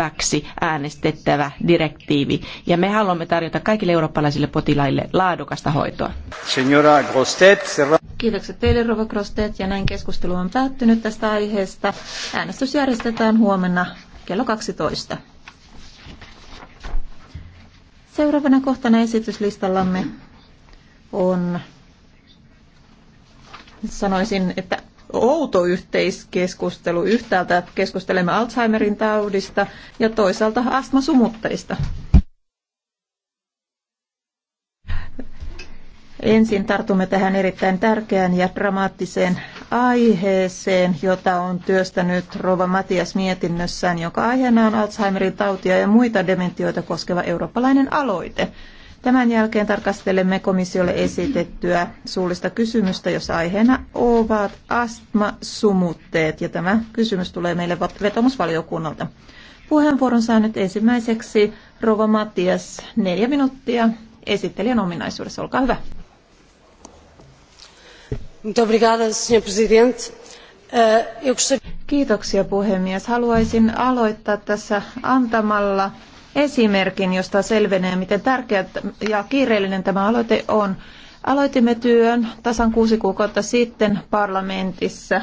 hyväksi äänestettävä direktiivi. Ja me haluamme tarjota kaikille eurooppalaisille potilaille laadukasta hoitoa. Signora Kiitokset teille, Rova Grostet, ja näin keskustelu on päättynyt tästä aiheesta. Äänestys järjestetään huomenna kello 12. Seuraavana kohtana esityslistallamme on, sanoisin, että outo yhteiskeskustelu. Yhtäältä keskustelemme Alzheimerin taudista ja toisaalta astmasumutteista. Ensin tartumme tähän erittäin tärkeään ja dramaattiseen aiheeseen, jota on työstänyt Rova Matias mietinnössään, joka aiheena on Alzheimerin tautia ja muita dementioita koskeva eurooppalainen aloite. Tämän jälkeen tarkastelemme komissiolle esitettyä suullista kysymystä, jossa aiheena ovat astmasumutteet. Ja tämä kysymys tulee meille vetomusvaliokunnalta. Puheenvuoron saa nyt ensimmäiseksi Rova Matias, neljä minuuttia esittelijän ominaisuudessa. Olkaa hyvä. Eh, Kiitoksia puhemies. Haluaisin aloittaa tässä antamalla esimerkin, josta selvenee, miten tärkeä ja kiireellinen tämä aloite on. Aloitimme työn tasan kuusi kuukautta sitten parlamentissa.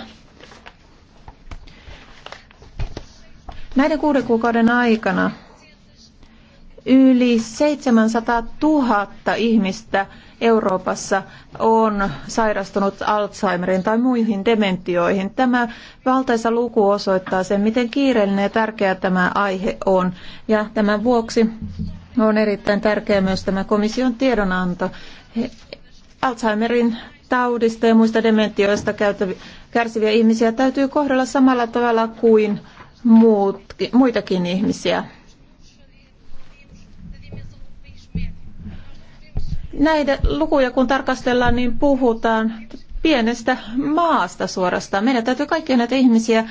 Näiden kuuden kuukauden aikana yli 700 000 ihmistä Euroopassa on sairastunut Alzheimerin tai muihin dementioihin. Tämä valtaisa luku osoittaa sen, miten kiireellinen ja tärkeä tämä aihe on. Ja tämän vuoksi on erittäin tärkeä myös tämä komission tiedonanto. Alzheimerin taudista ja muista dementioista kärsiviä ihmisiä täytyy kohdella samalla tavalla kuin muitakin ihmisiä. Näitä lukuja kun tarkastellaan, niin puhutaan pienestä maasta suorastaan. Meidän täytyy kaikkia näitä ihmisiä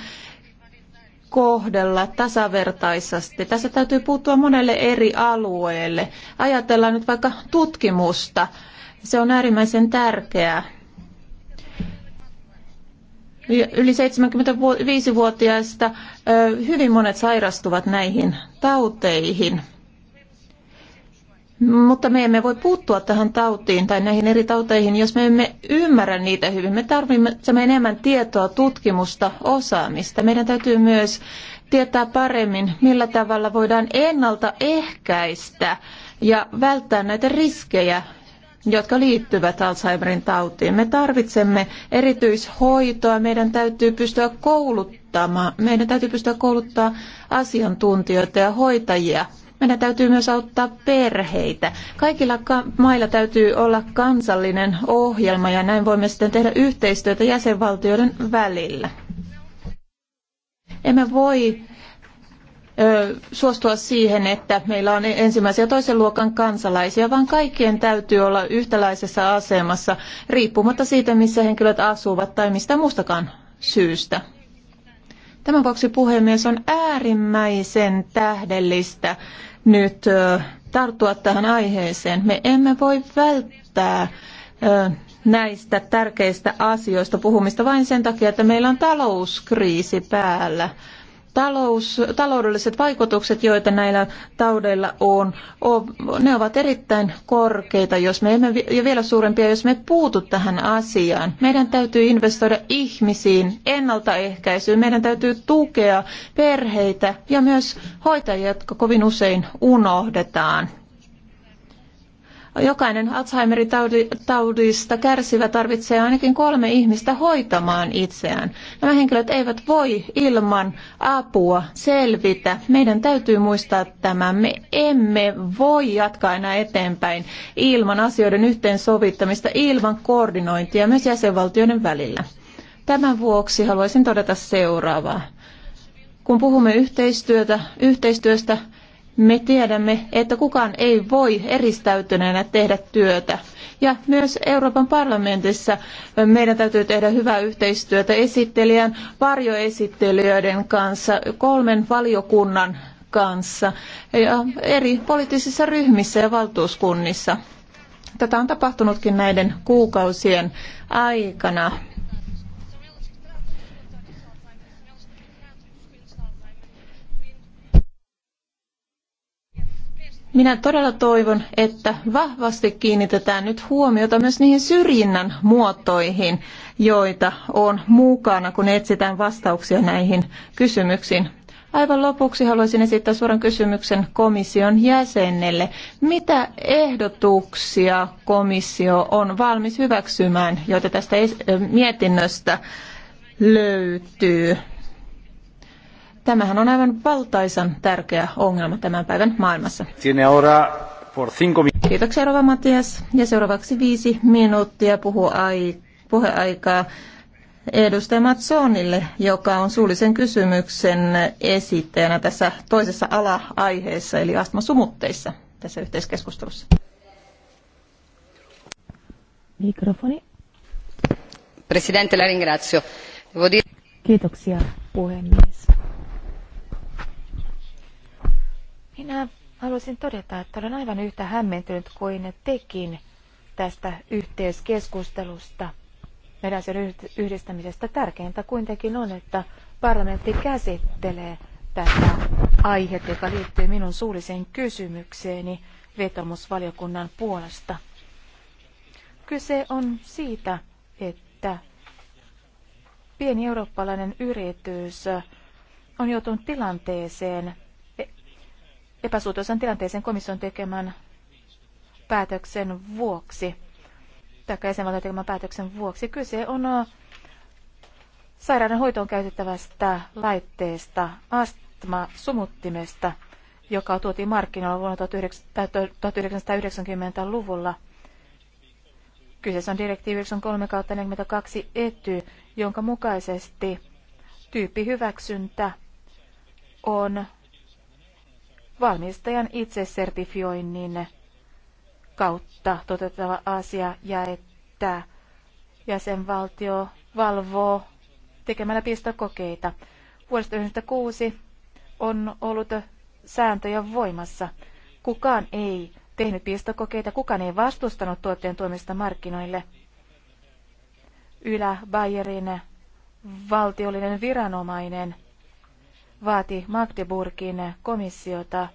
kohdella tasavertaisesti. Tässä täytyy puuttua monelle eri alueelle. Ajatellaan nyt vaikka tutkimusta. Se on äärimmäisen tärkeää. Yli 75-vuotiaista hyvin monet sairastuvat näihin tauteihin. Mutta me emme voi puuttua tähän tautiin tai näihin eri tauteihin, jos me emme ymmärrä niitä hyvin. Me tarvitsemme enemmän tietoa, tutkimusta, osaamista. Meidän täytyy myös tietää paremmin, millä tavalla voidaan ennaltaehkäistä ja välttää näitä riskejä, jotka liittyvät Alzheimerin tautiin. Me tarvitsemme erityishoitoa, meidän täytyy pystyä kouluttamaan, meidän täytyy pystyä kouluttaa asiantuntijoita ja hoitajia meidän täytyy myös auttaa perheitä. Kaikilla mailla täytyy olla kansallinen ohjelma ja näin voimme sitten tehdä yhteistyötä jäsenvaltioiden välillä. Emme voi ö, suostua siihen, että meillä on ensimmäisen ja toisen luokan kansalaisia, vaan kaikkien täytyy olla yhtäläisessä asemassa riippumatta siitä, missä henkilöt asuvat tai mistä muustakaan syystä. Tämän vuoksi puhemies on äärimmäisen tähdellistä nyt tarttua tähän aiheeseen. Me emme voi välttää näistä tärkeistä asioista puhumista vain sen takia, että meillä on talouskriisi päällä talous, taloudelliset vaikutukset, joita näillä taudeilla on, ne ovat erittäin korkeita, jos me emme, ja vielä suurempia, jos me puutu tähän asiaan. Meidän täytyy investoida ihmisiin, ennaltaehkäisyyn, meidän täytyy tukea perheitä ja myös hoitajia, jotka kovin usein unohdetaan. Jokainen Alzheimerin taudista kärsivä tarvitsee ainakin kolme ihmistä hoitamaan itseään. Nämä henkilöt eivät voi ilman apua selvitä. Meidän täytyy muistaa tämä. Me emme voi jatkaa enää eteenpäin ilman asioiden yhteensovittamista, ilman koordinointia myös jäsenvaltioiden välillä. Tämän vuoksi haluaisin todeta seuraavaa. Kun puhumme yhteistyötä, yhteistyöstä, me tiedämme, että kukaan ei voi eristäytyneenä tehdä työtä. Ja myös Euroopan parlamentissa meidän täytyy tehdä hyvää yhteistyötä esittelijän, varjoesittelijöiden kanssa, kolmen valiokunnan kanssa ja eri poliittisissa ryhmissä ja valtuuskunnissa. Tätä on tapahtunutkin näiden kuukausien aikana. Minä todella toivon, että vahvasti kiinnitetään nyt huomiota myös niihin syrjinnän muotoihin, joita on mukana, kun etsitään vastauksia näihin kysymyksiin. Aivan lopuksi haluaisin esittää suoran kysymyksen komission jäsenelle. Mitä ehdotuksia komissio on valmis hyväksymään, joita tästä mietinnöstä löytyy? Tämähän on aivan valtaisan tärkeä ongelma tämän päivän maailmassa. Kiitoksia Rova Matias. Ja seuraavaksi viisi minuuttia puhu ai, puheaikaa edustaja Matsonille, joka on suullisen kysymyksen esittäjänä tässä toisessa ala-aiheessa, eli astmasumutteissa tässä yhteiskeskustelussa. Mikrofoni. Presidente, la ringrazio. Kiitoksia puhemies. Minä haluaisin todeta, että olen aivan yhtä hämmentynyt kuin tekin tästä yhteiskeskustelusta. Meidän sen yhdistämisestä tärkeintä kuitenkin on, että parlamentti käsittelee tätä aihetta, joka liittyy minun suulliseen kysymykseeni vetomusvaliokunnan puolesta. Kyse on siitä, että pieni eurooppalainen yritys on joutunut tilanteeseen, epäsuotuisan tilanteeseen komission tekemän päätöksen vuoksi, tai jäsenvaltion tekemän päätöksen vuoksi. Kyse on äh, hoitoon käytettävästä laitteesta, astma-sumuttimesta, joka tuotiin markkinoilla vuonna 1990-luvulla. Kyseessä on direktiivi 93-42 ety, jonka mukaisesti tyyppihyväksyntä on valmistajan itsesertifioinnin kautta toteutettava asia ja että jäsenvaltio valvoo tekemällä pistokokeita. Vuodesta 1996 on ollut sääntöjä voimassa. Kukaan ei tehnyt pistokokeita, kukaan ei vastustanut tuotteen tuomista markkinoille. Ylä Bayerin valtiollinen viranomainen – vaati Magdeburgin komissiota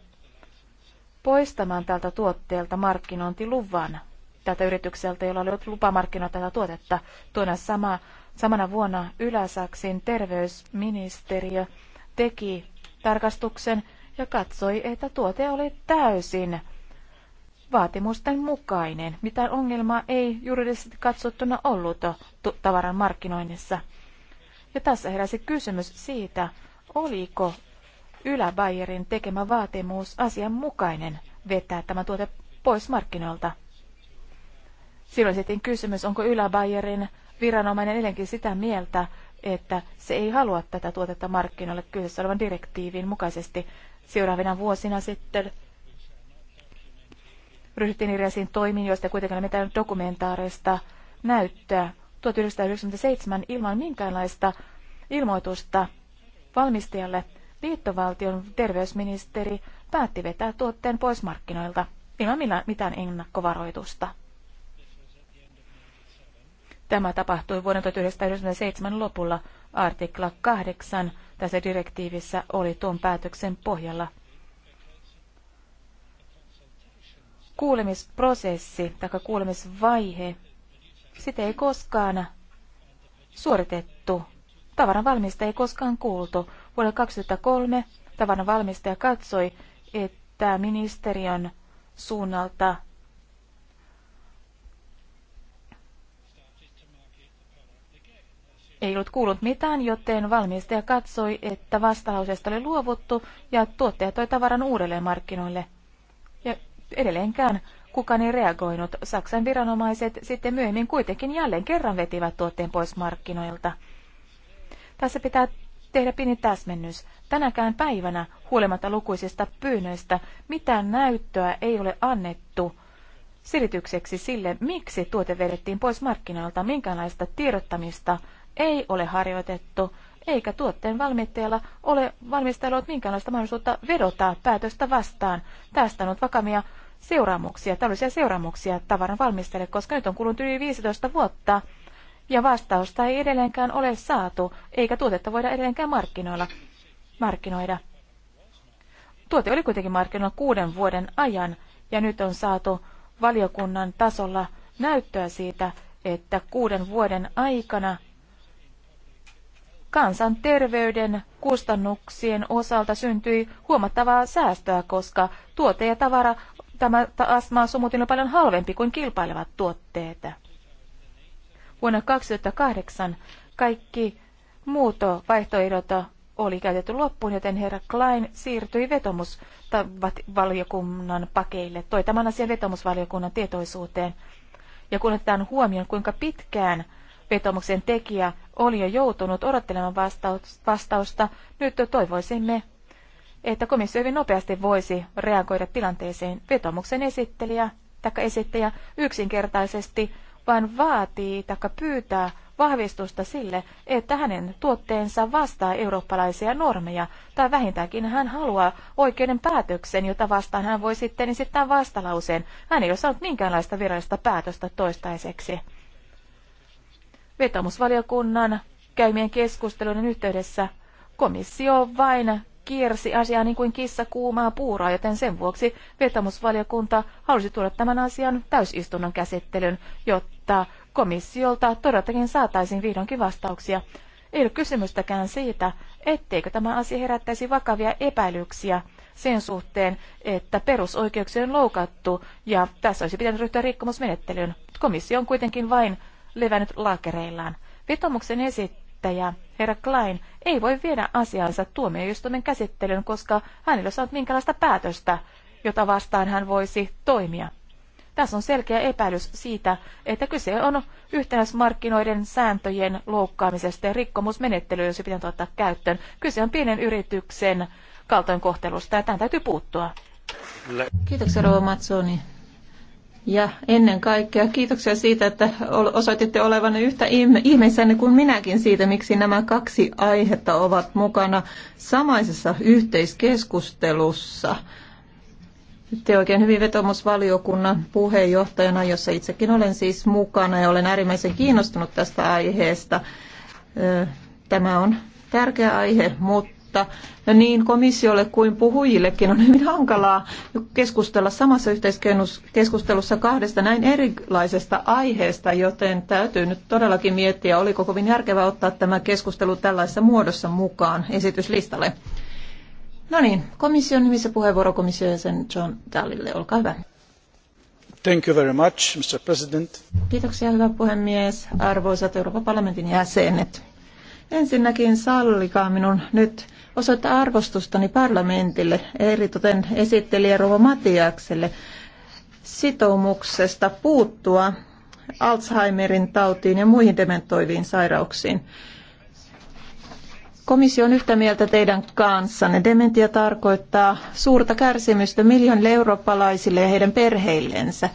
poistamaan tältä tuotteelta markkinointiluvan tältä yritykseltä, jolla oli ollut lupa markkinoida tätä tuotetta. Tuona sama, samana vuonna Yläsaksin terveysministeriö teki tarkastuksen ja katsoi, että tuote oli täysin vaatimusten mukainen. Mitään ongelmaa ei juridisesti katsottuna ollut tavaran markkinoinnissa. Ja tässä heräsi kysymys siitä, oliko Yläbayerin tekemä vaatimus asianmukainen vetää tämä tuote pois markkinoilta. Silloin sitten kysymys, onko Yläbayerin viranomainen edelleenkin sitä mieltä, että se ei halua tätä tuotetta markkinoille kyseessä olevan direktiivin mukaisesti. Seuraavina vuosina sitten ryhdyttiin erilaisiin toimiin, joista kuitenkaan mitään dokumentaarista näyttöä. 1997 ilman minkäänlaista ilmoitusta valmistajalle liittovaltion terveysministeri päätti vetää tuotteen pois markkinoilta ilman mitään ennakkovaroitusta. Tämä tapahtui vuoden 1997 lopulla. Artikla 8 tässä direktiivissä oli tuon päätöksen pohjalla. Kuulemisprosessi tai kuulemisvaihe, sitä ei koskaan suoritettu Tavaran valmistaja ei koskaan kuultu. Vuonna 2003 tavaran valmistaja katsoi, että ministeriön suunnalta ei ollut kuullut mitään, joten valmistaja katsoi, että vastalauseesta oli luovuttu ja tuottaja toi tavaran uudelleen markkinoille. Ja edelleenkään kukaan ei reagoinut. Saksan viranomaiset sitten myöhemmin kuitenkin jälleen kerran vetivät tuotteen pois markkinoilta. Tässä pitää tehdä pieni täsmennys. Tänäkään päivänä, huolimatta lukuisista pyynnöistä, mitään näyttöä ei ole annettu selitykseksi sille, miksi tuote vedettiin pois markkinoilta, minkälaista tiedottamista ei ole harjoitettu, eikä tuotteen valmistajalla ole valmistellut minkäänlaista mahdollisuutta vedota päätöstä vastaan. Tästä on ollut vakavia seuraamuksia, taloudellisia seuraamuksia tavaran valmistajalle, koska nyt on kulunut yli 15 vuotta ja vastausta ei edelleenkään ole saatu, eikä tuotetta voida edelleenkään markkinoilla, markkinoida. Tuote oli kuitenkin markkinoilla kuuden vuoden ajan, ja nyt on saatu valiokunnan tasolla näyttöä siitä, että kuuden vuoden aikana kansanterveyden kustannuksien osalta syntyi huomattavaa säästöä, koska tuote ja tavara, tämä astma on paljon halvempi kuin kilpailevat tuotteet. Vuonna 2008 kaikki muutovaihtoehdot vaihtoehdot oli käytetty loppuun, joten herra Klein siirtyi vetomusvaliokunnan pakeille, toi tämän asian vetomusvaliokunnan tietoisuuteen. Ja kun otetaan huomioon, kuinka pitkään vetomuksen tekijä oli jo joutunut odottelemaan vastausta, nyt toivoisimme, että komissio hyvin nopeasti voisi reagoida tilanteeseen. Vetomuksen esittelijä taikka esittäjä yksinkertaisesti vaan vaatii tai pyytää vahvistusta sille, että hänen tuotteensa vastaa eurooppalaisia normeja, tai vähintäänkin hän haluaa oikeuden päätöksen, jota vastaan hän voi sitten esittää vastalauseen. Hän ei ole saanut minkäänlaista virallista päätöstä toistaiseksi. Vetomusvaliokunnan käymien keskustelujen yhteydessä komissio vain kiersi asiaa niin kuin kissa kuumaa puuraa, joten sen vuoksi vetomusvaliokunta halusi tuoda tämän asian täysistunnon käsittelyn, jotta komissiolta todellakin saataisiin vihdoinkin vastauksia. Ei ole kysymystäkään siitä, etteikö tämä asia herättäisi vakavia epäilyksiä sen suhteen, että perusoikeuksia on loukattu ja tässä olisi pitänyt ryhtyä rikkomusmenettelyyn. Komissio on kuitenkin vain levännyt laakereillaan. Vetomuksen esittää syyttäjä, herra Klein, ei voi viedä asiansa tuomioistuimen käsittelyyn, koska hänellä on minkälaista päätöstä, jota vastaan hän voisi toimia. Tässä on selkeä epäilys siitä, että kyse on yhtenäismarkkinoiden sääntöjen loukkaamisesta ja rikkomusmenettelyä, jos pitää ottaa käyttöön. Kyse on pienen yrityksen kaltoinkohtelusta ja tähän täytyy puuttua. Kiitoksia Rova Matsoni. Ja ennen kaikkea kiitoksia siitä, että osoititte olevan yhtä ihmeissänne kuin minäkin siitä, miksi nämä kaksi aihetta ovat mukana samaisessa yhteiskeskustelussa. Te oikein hyvin vetomusvaliokunnan puheenjohtajana, jossa itsekin olen siis mukana ja olen äärimmäisen kiinnostunut tästä aiheesta. Tämä on tärkeä aihe, mutta niin komissiolle kuin puhujillekin on hyvin hankalaa keskustella samassa yhteiskeskustelussa kahdesta näin erilaisesta aiheesta, joten täytyy nyt todellakin miettiä, oliko kovin järkevää ottaa tämä keskustelu tällaisessa muodossa mukaan esityslistalle. No niin, komission nimissä puheenvuoro komission jäsen John Dallille, olkaa hyvä. Thank you very much, Mr. President. Kiitoksia, hyvä puhemies, arvoisat Euroopan parlamentin jäsenet. Ensinnäkin sallikaa minun nyt osoittaa arvostustani parlamentille, eritoten esittelijä Rova Matiakselle, sitoumuksesta puuttua Alzheimerin tautiin ja muihin dementoiviin sairauksiin. Komissio on yhtä mieltä teidän kanssanne. Dementia tarkoittaa suurta kärsimystä miljoonille eurooppalaisille ja heidän perheillensä.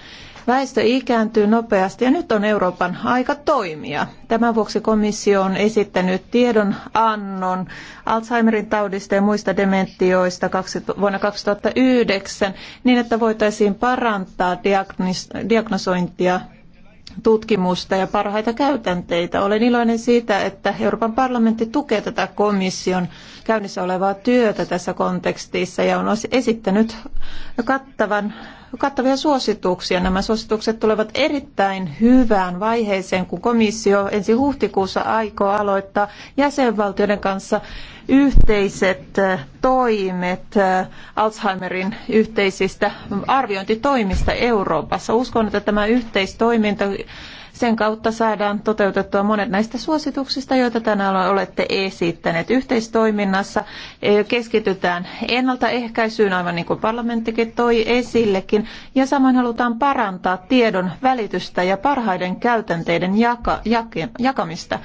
Väestö ikääntyy nopeasti ja nyt on Euroopan aika toimia. Tämän vuoksi komissio on esittänyt tiedonannon Alzheimerin taudista ja muista dementioista vuonna 2009 niin, että voitaisiin parantaa diagnosointia tutkimusta ja parhaita käytänteitä. Olen iloinen siitä, että Euroopan parlamentti tukee tätä komission käynnissä olevaa työtä tässä kontekstissa ja on esittänyt kattavan kattavia suosituksia. Nämä suositukset tulevat erittäin hyvään vaiheeseen, kun komissio ensi huhtikuussa aikoo aloittaa jäsenvaltioiden kanssa yhteiset äh, toimet äh, Alzheimerin yhteisistä arviointitoimista Euroopassa. Uskon, että tämä yhteistoiminta sen kautta saadaan toteutettua monet näistä suosituksista, joita tänään olette esittäneet. Yhteistoiminnassa eh, keskitytään ennaltaehkäisyyn, aivan niin kuin parlamenttikin toi esillekin, ja samoin halutaan parantaa tiedon välitystä ja parhaiden käytänteiden jaka, jak, jakamista.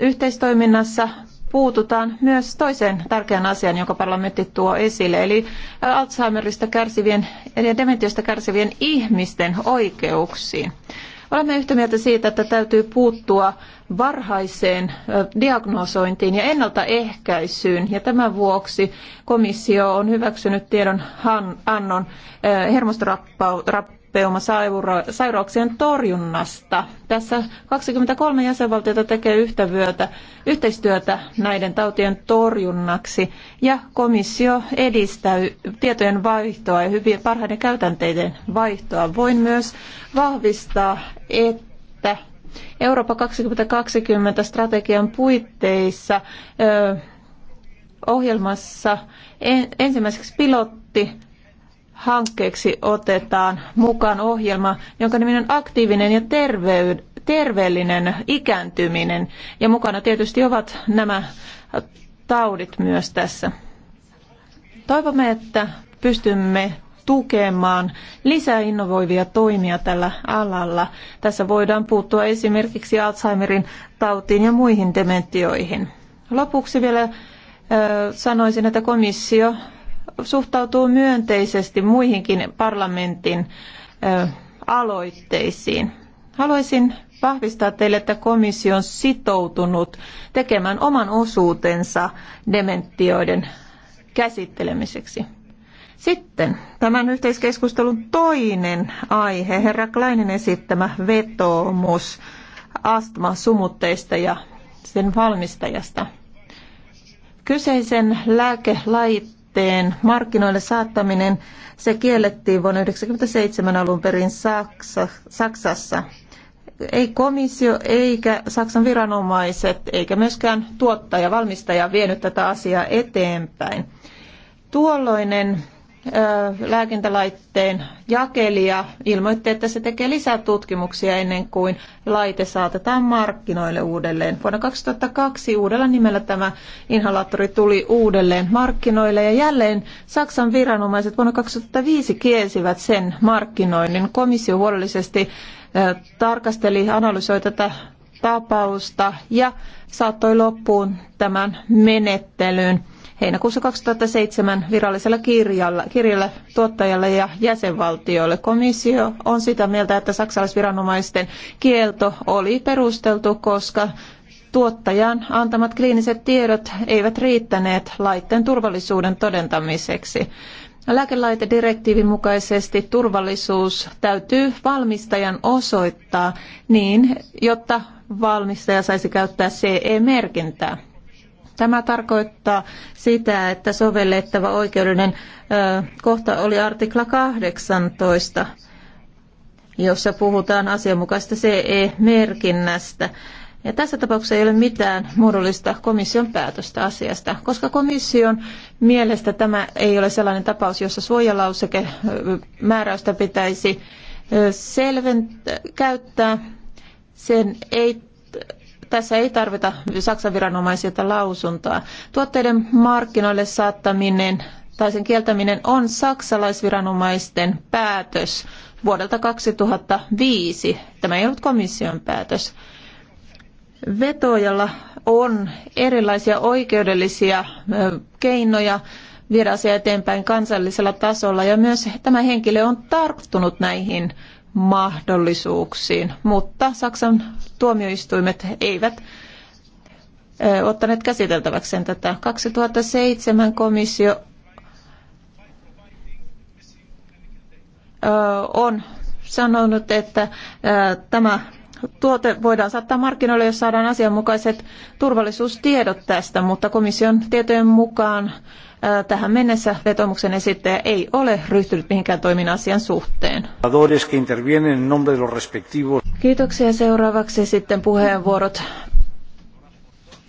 Yhteistoiminnassa puututaan myös toiseen tärkeään asiaan, jonka parlamentti tuo esille, eli eh, Alzheimerista kärsivien ja dementiosta kärsivien ihmisten oikeuksiin. Olemme yhtä mieltä siitä, että täytyy puuttua varhaiseen diagnosointiin ja ennaltaehkäisyyn. Ja tämän vuoksi komissio on hyväksynyt tiedon annon sairauksien torjunnasta. Tässä 23 jäsenvaltiota tekee yhtävyötä, yhteistyötä näiden tautien torjunnaksi ja komissio edistää tietojen vaihtoa ja hyvien parhaiden käytänteiden vaihtoa. Voin myös vahvistaa, että Eurooppa 2020 strategian puitteissa ohjelmassa ensimmäiseksi pilotti hankkeeksi otetaan mukaan ohjelma, jonka on aktiivinen ja terveellinen ikääntyminen ja mukana tietysti ovat nämä taudit myös tässä. Toivomme, että pystymme tukemaan lisää innovoivia toimia tällä alalla. Tässä voidaan puuttua esimerkiksi Alzheimerin tautiin ja muihin dementioihin. Lopuksi vielä sanoisin, että komissio suhtautuu myönteisesti muihinkin parlamentin aloitteisiin. Haluaisin vahvistaa teille, että komissio on sitoutunut tekemään oman osuutensa dementioiden käsittelemiseksi. Sitten tämän yhteiskeskustelun toinen aihe, herra Kleinin esittämä vetoomus astmasumutteista ja sen valmistajasta. Kyseisen lääkelajit tuotteen markkinoille saattaminen, se kiellettiin vuonna 1997 alun perin Saksa, Saksassa. Ei komissio eikä Saksan viranomaiset eikä myöskään tuottaja, valmistaja vienyt tätä asiaa eteenpäin. Tuolloinen lääkintälaitteen jakelija ilmoitti, että se tekee lisää tutkimuksia ennen kuin laite saatetaan markkinoille uudelleen. Vuonna 2002 uudella nimellä tämä inhalaattori tuli uudelleen markkinoille ja jälleen Saksan viranomaiset vuonna 2005 kielsivät sen markkinoinnin. Komissio huolellisesti tarkasteli analysoi tätä tapausta ja saattoi loppuun tämän menettelyn heinäkuussa 2007 virallisella kirjalla, kirjalla tuottajalle ja jäsenvaltioille. Komissio on sitä mieltä, että saksalaisviranomaisten kielto oli perusteltu, koska tuottajan antamat kliiniset tiedot eivät riittäneet laitteen turvallisuuden todentamiseksi. Lääkelaitedirektiivin mukaisesti turvallisuus täytyy valmistajan osoittaa niin, jotta valmistaja saisi käyttää CE-merkintää. Tämä tarkoittaa sitä, että sovellettava oikeudellinen kohta oli artikla 18, jossa puhutaan asianmukaista CE-merkinnästä. Ja tässä tapauksessa ei ole mitään muodollista komission päätöstä asiasta, koska komission mielestä tämä ei ole sellainen tapaus, jossa suojalauseke määräystä pitäisi selventää, käyttää. Sen ei tässä ei tarvita Saksan viranomaisilta lausuntoa. Tuotteiden markkinoille saattaminen tai sen kieltäminen on saksalaisviranomaisten päätös vuodelta 2005. Tämä ei ollut komission päätös. Vetoojalla on erilaisia oikeudellisia keinoja viedä asia eteenpäin kansallisella tasolla ja myös tämä henkilö on tarttunut näihin mahdollisuuksiin, mutta Saksan tuomioistuimet eivät ottaneet käsiteltäväkseen tätä. 2007 komissio on sanonut, että tämä tuote voidaan saattaa markkinoille, jos saadaan asianmukaiset turvallisuustiedot tästä, mutta komission tietojen mukaan tähän mennessä vetomuksen esittäjä ei ole ryhtynyt mihinkään toimin asian suhteen. Kiitoksia. Seuraavaksi sitten puheenvuorot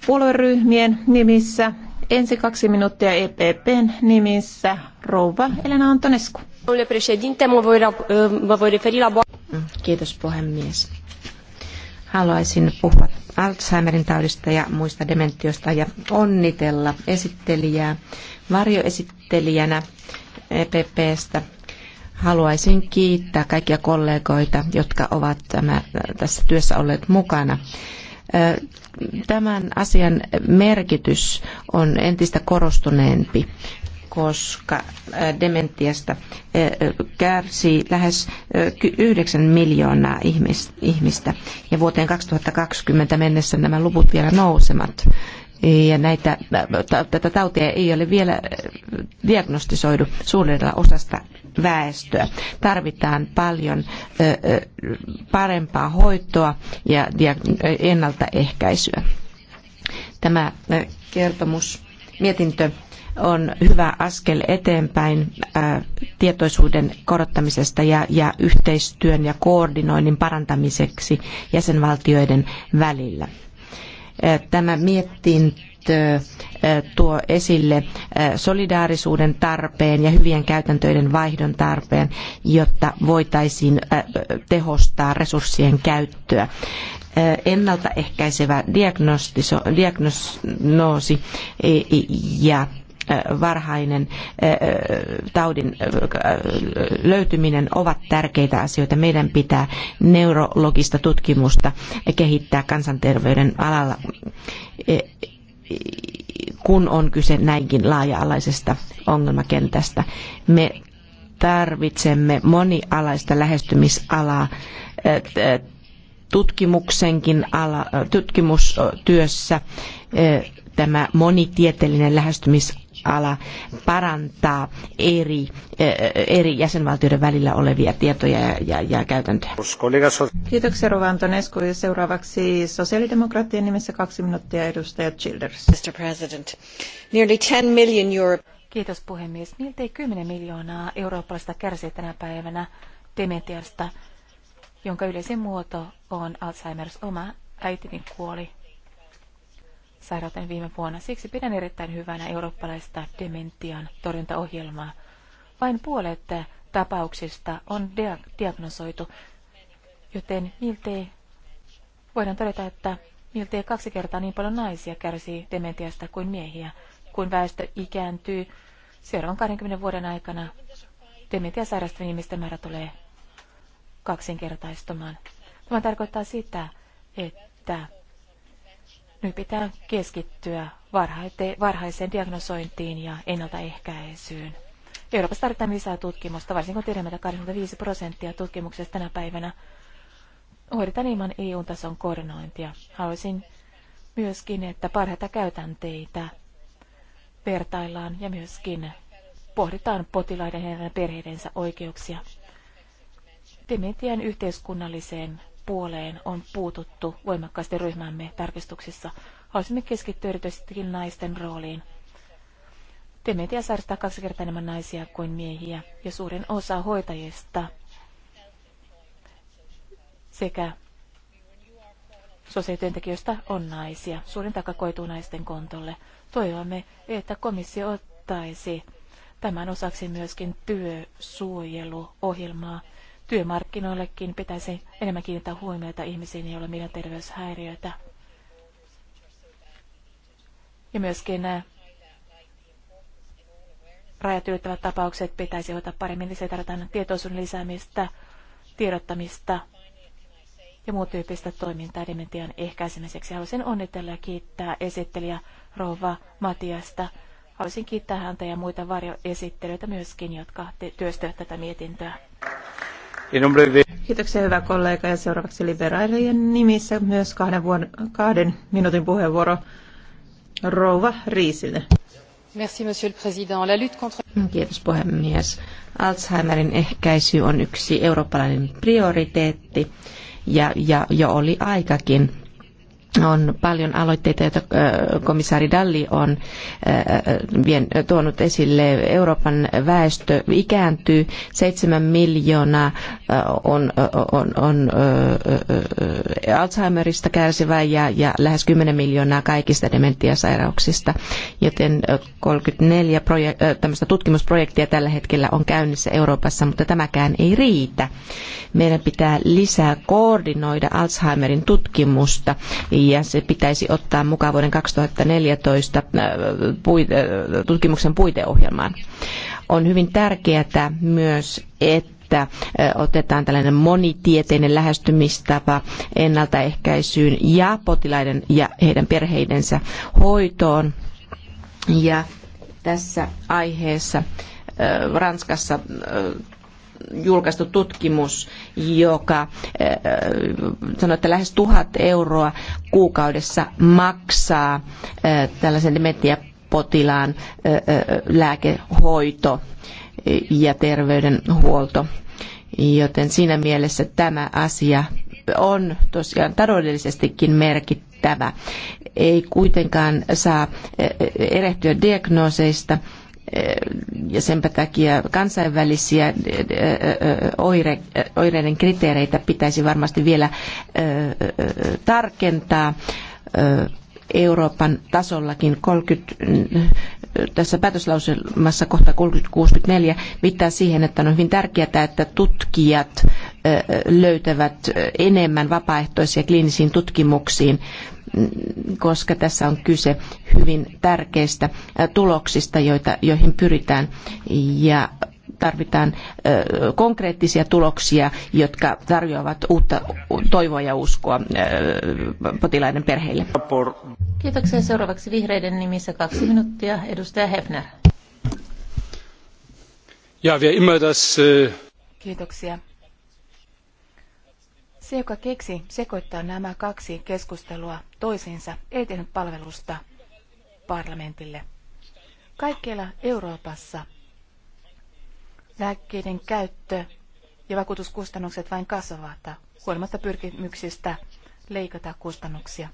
puolueryhmien nimissä. Ensi kaksi minuuttia EPPn nimissä rouva Elena Antonescu. Kiitos puhemies. Haluaisin puhua Alzheimerin taudista ja muista dementioista ja onnitella esittelijää varjoesittelijänä EPPstä Haluaisin kiittää kaikkia kollegoita, jotka ovat tämä, tässä työssä olleet mukana. Tämän asian merkitys on entistä korostuneempi, koska dementiasta kärsii lähes 9 miljoonaa ihmistä. Ja vuoteen 2020 mennessä nämä luvut vielä nousemat ja näitä, tätä tautia ei ole vielä diagnostisoidu suurella osasta väestöä. Tarvitaan paljon parempaa hoitoa ja ennaltaehkäisyä. Tämä kertomus, mietintö on hyvä askel eteenpäin tietoisuuden korottamisesta ja, yhteistyön ja koordinoinnin parantamiseksi jäsenvaltioiden välillä. Tämä mietintö tuo esille solidaarisuuden tarpeen ja hyvien käytäntöiden vaihdon tarpeen, jotta voitaisiin tehostaa resurssien käyttöä. Ennaltaehkäisevä diagnoosi e, ja varhainen taudin löytyminen ovat tärkeitä asioita. Meidän pitää neurologista tutkimusta kehittää kansanterveyden alalla e, kun on kyse näinkin laaja-alaisesta ongelmakentästä. Me tarvitsemme monialaista lähestymisalaa äh, äh, tutkimuksenkin ala, äh, tutkimustyössä. Tämä monitieteellinen lähestymisala ala parantaa eri, eh, eri jäsenvaltioiden välillä olevia tietoja ja, ja, ja käytäntöjä. Kiitoksia Ja seuraavaksi sosiaalidemokraattien nimessä kaksi minuuttia edustaja Childers. Mr. President, nearly 10 million Europe... Kiitos puhemies. Miltei 10 miljoonaa eurooppalaista kärsii tänä päivänä dementiasta, jonka yleisin muoto on Alzheimer's. Oma äitini kuoli sairauteen viime vuonna. Siksi pidän erittäin hyvänä eurooppalaista dementian torjuntaohjelmaa. Vain puolet tapauksista on diag- diagnosoitu, joten miltei voidaan todeta, että miltei kaksi kertaa niin paljon naisia kärsii dementiasta kuin miehiä. Kun väestö ikääntyy, seuraavan 20 vuoden aikana dementia sairastavien ihmisten määrä tulee kaksinkertaistumaan. Tämä tarkoittaa sitä, että nyt pitää keskittyä varhaiseen diagnosointiin ja ennaltaehkäisyyn. Euroopassa tarvitaan lisää tutkimusta, varsinkin kun tiedämme, että 85 prosenttia tutkimuksesta tänä päivänä hoidetaan ilman EU-tason koordinointia. Haluaisin myöskin, että parhaita käytänteitä vertaillaan ja myöskin pohditaan potilaiden ja heidän perheidensä oikeuksia. Dementian yhteiskunnalliseen puoleen on puututtu voimakkaasti ryhmämme tarkistuksissa. Haluaisimme keskittyä erityisesti naisten rooliin. Dementia sairastaa kaksi kertaa enemmän naisia kuin miehiä ja suurin osa hoitajista sekä sosiaalityöntekijöistä on naisia. Suurin taka koituu naisten kontolle. Toivomme, että komissio ottaisi tämän osaksi myöskin työsuojeluohjelmaa työmarkkinoillekin pitäisi enemmän kiinnittää huomiota ihmisiin, joilla on mielenterveyshäiriöitä. Ja myöskin äh, rajat ylittävät tapaukset pitäisi hoitaa paremmin. Se tarvitaan tietoisuuden lisäämistä, tiedottamista ja muun tyyppistä toimintaa dementian ehkäisemiseksi. Haluaisin onnitella ja kiittää esittelijä Rova Matiasta. Haluaisin kiittää häntä ja muita varjoesittelyitä myöskin, jotka työstävät tätä mietintöä. Kiitoksia hyvä kollega ja seuraavaksi liberaalien nimissä myös kahden, vuoden, kahden minuutin puheenvuoro Rouva Riisille. Merci, monsieur le président. La lutte contre... Kiitos puhemies. Alzheimerin ehkäisy on yksi eurooppalainen prioriteetti ja, ja jo oli aikakin on paljon aloitteita, joita komissaari Dalli on tuonut esille. Euroopan väestö ikääntyy, seitsemän miljoonaa on, on, on Alzheimerista kärsivää ja, ja lähes kymmenen miljoonaa kaikista dementiasairauksista, joten 34 projek- tutkimusprojektia tällä hetkellä on käynnissä Euroopassa, mutta tämäkään ei riitä. Meidän pitää lisää koordinoida Alzheimerin tutkimusta ja se pitäisi ottaa mukaan vuoden 2014 äh, äh, tutkimuksen puiteohjelmaan. On hyvin tärkeää myös, että että äh, otetaan tällainen monitieteinen lähestymistapa ennaltaehkäisyyn ja potilaiden ja heidän perheidensä hoitoon. Ja tässä aiheessa Ranskassa julkaistu tutkimus, joka äh, sanoi, että lähes tuhat euroa kuukaudessa maksaa äh, tällaisen dementiapotilaan äh, lääkehoito ja terveydenhuolto. Joten siinä mielessä tämä asia on tosiaan taloudellisestikin merkittävä. Ei kuitenkaan saa erehtyä diagnooseista ja senpä takia kansainvälisiä oire, oireiden kriteereitä pitäisi varmasti vielä tarkentaa. Euroopan tasollakin 30, tässä päätöslauselmassa kohta 64 viittaa siihen, että on hyvin tärkeää, että tutkijat löytävät enemmän vapaaehtoisia kliinisiin tutkimuksiin koska tässä on kyse hyvin tärkeistä tuloksista, joita, joihin pyritään. Ja tarvitaan konkreettisia tuloksia, jotka tarjoavat uutta toivoa ja uskoa potilaiden perheille. Kiitoksia. Seuraavaksi vihreiden nimissä kaksi minuuttia. Edustaja Hefner. Ja, wer immer das... Kiitoksia. Se, joka keksi sekoittaa nämä kaksi keskustelua toisiinsa, ei tehnyt palvelusta parlamentille. Kaikkialla Euroopassa lääkkeiden käyttö ja vakuutuskustannukset vain kasvavat, huolimatta pyrkimyksistä leikata kustannuksia.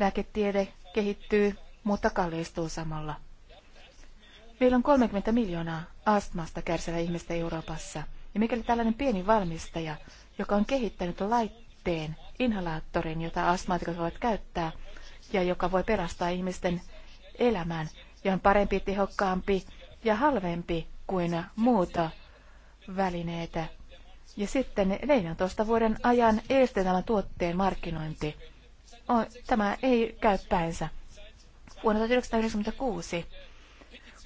Lääketiede kehittyy, mutta kallistuu samalla. Meillä on 30 miljoonaa astmasta kärsivää ihmistä Euroopassa – ja mikäli tällainen pieni valmistaja, joka on kehittänyt laitteen, inhalaattorin, jota astmaatikot voivat käyttää, ja joka voi pelastaa ihmisten elämän, ja on parempi, tehokkaampi ja halvempi kuin muuta välineitä. Ja sitten 14 vuoden ajan estetään tuotteen markkinointi. On, tämä ei käy päinsä. Vuonna 1996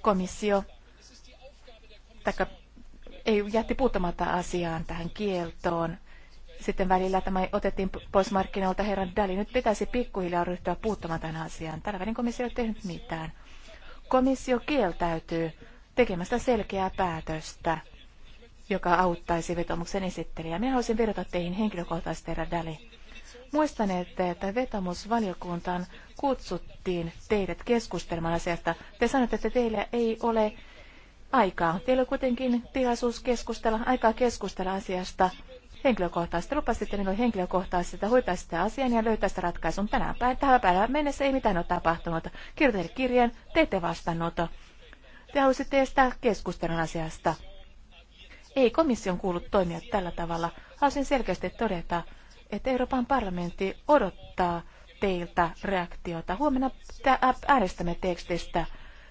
komissio, taikka ei jätti puuttumatta asiaan tähän kieltoon. Sitten välillä tämä otettiin pois markkinoilta Herra Dali. Nyt pitäisi pikkuhiljaa ryhtyä puuttumaan tähän asiaan. Tällä välin komissio ei ole tehnyt mitään. Komissio kieltäytyy tekemästä selkeää päätöstä, joka auttaisi vetomuksen esittelijää. Minä haluaisin vedota teihin henkilökohtaisesti, herra Dali. Muistanette, että vetomusvaliokuntaan kutsuttiin teidät keskustelemaan asiasta. Te sanoitte, että teillä ei ole aikaa. Teillä on kuitenkin tilaisuus keskustella, aikaa keskustella asiasta henkilökohtaisesti. Lupasitte minulle henkilökohtaisesti, että hoitaisitte asian ja löytäisitte ratkaisun tänään päin. Tähän päivään mennessä ei mitään ole tapahtunut. Kirjoitatte kirjeen, teette vastannut. Te haluaisitte estää keskustelun asiasta. Ei komission kuulu toimia tällä tavalla. Haluaisin selkeästi todeta, että Euroopan parlamentti odottaa teiltä reaktiota. Huomenna äänestämme tekstistä.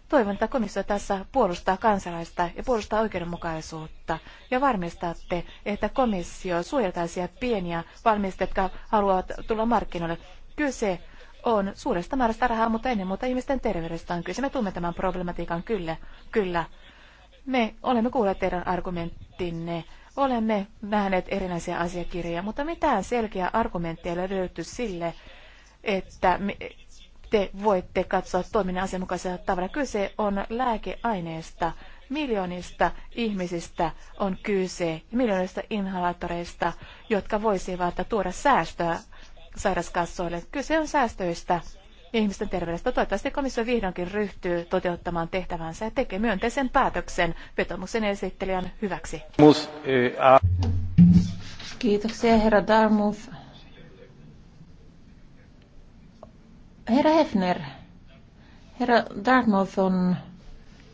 Toivon, että komissio tässä puolustaa kansalaista ja puolustaa oikeudenmukaisuutta ja varmistatte, että komissio suojeltaisia pieniä valmistajia, jotka haluavat tulla markkinoille. Kyse on suuresta määrästä rahaa, mutta ennen muuta ihmisten terveydestä on kyse. Me tumme tämän problematiikan kyllä. kyllä. Me olemme kuulleet teidän argumenttinne, olemme nähneet erinäisiä asiakirjoja, mutta mitään selkeää argumenttia ei löyty sille, että te voitte katsoa toiminnan asianmukaisella tavalla. Kyse on lääkeaineesta. Miljoonista ihmisistä on kyse, miljoonista inhalaattoreista, jotka voisivat tuoda säästöä sairaskassoille. Kyse on säästöistä ihmisten terveydestä. Toivottavasti komissio vihdoinkin ryhtyy toteuttamaan tehtävänsä ja tekee myönteisen päätöksen vetomuksen esittelijän hyväksi. Kiitoksia herra Darmuth. Herra Hefner, herra Dartmouth on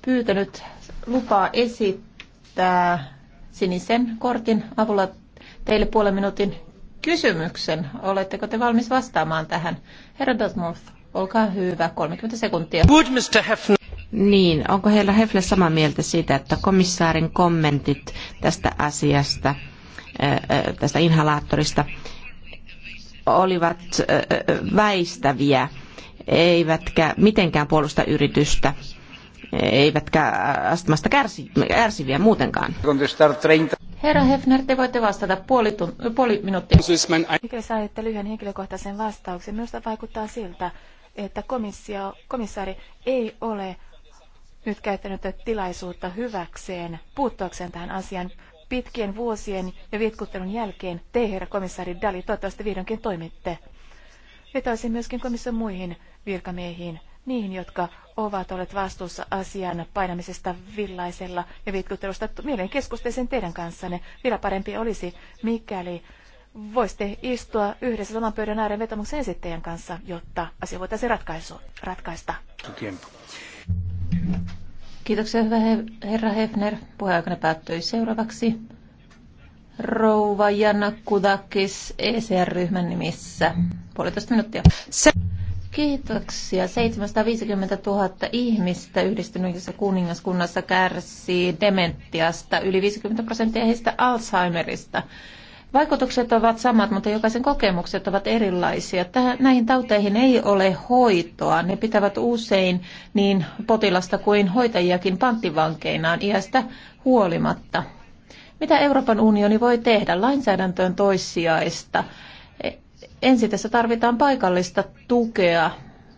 pyytänyt lupaa esittää sinisen kortin avulla teille puolen minuutin kysymyksen. Oletteko te valmis vastaamaan tähän? Herra Dartmouth, olkaa hyvä, 30 sekuntia. Good, Mr. Hefner. Niin, onko heillä Hefle samaa mieltä siitä, että komissaarin kommentit tästä asiasta, äh, äh, tästä inhalaattorista, olivat äh, väistäviä eivätkä mitenkään puolusta yritystä eivätkä astmasta kärsi, kärsiviä muutenkaan. Herra Hefner, te voitte vastata puoli, tun, puoli minuuttia. Mikäli saatte lyhyen henkilökohtaisen vastauksen, minusta vaikuttaa siltä, että komissio, komissaari ei ole nyt käyttänyt tilaisuutta hyväkseen puuttuakseen tähän asiaan pitkien vuosien ja vitkuttelun jälkeen te, herra komissaari Dali, toivottavasti vihdoinkin toimitte vetoisin myöskin komission muihin virkamiehiin, niihin, jotka ovat olleet vastuussa asian painamisesta villaisella ja vitkuttelusta. mielenkeskusteeseen teidän kanssanne. Vielä parempi olisi, mikäli voisitte istua yhdessä saman pöydän ääreen vetomuksen esittäjän kanssa, jotta asia voitaisiin ratkaisu, ratkaista. Kiitoksia, hyvä herra Hefner. Puheaikana päättyi seuraavaksi. Rouva Janna Kudakis ECR-ryhmän nimissä. Puolitoista minuuttia. Kiitoksia. 750 000 ihmistä yhdistyneessä kuningaskunnassa kärsii dementiasta, yli 50 prosenttia heistä Alzheimerista. Vaikutukset ovat samat, mutta jokaisen kokemukset ovat erilaisia. Tähän, näihin tauteihin ei ole hoitoa. Ne pitävät usein niin potilasta kuin hoitajiakin panttivankeinaan iästä huolimatta. Mitä Euroopan unioni voi tehdä? Lainsäädäntöön toissijaista. E, ensin tässä tarvitaan paikallista tukea,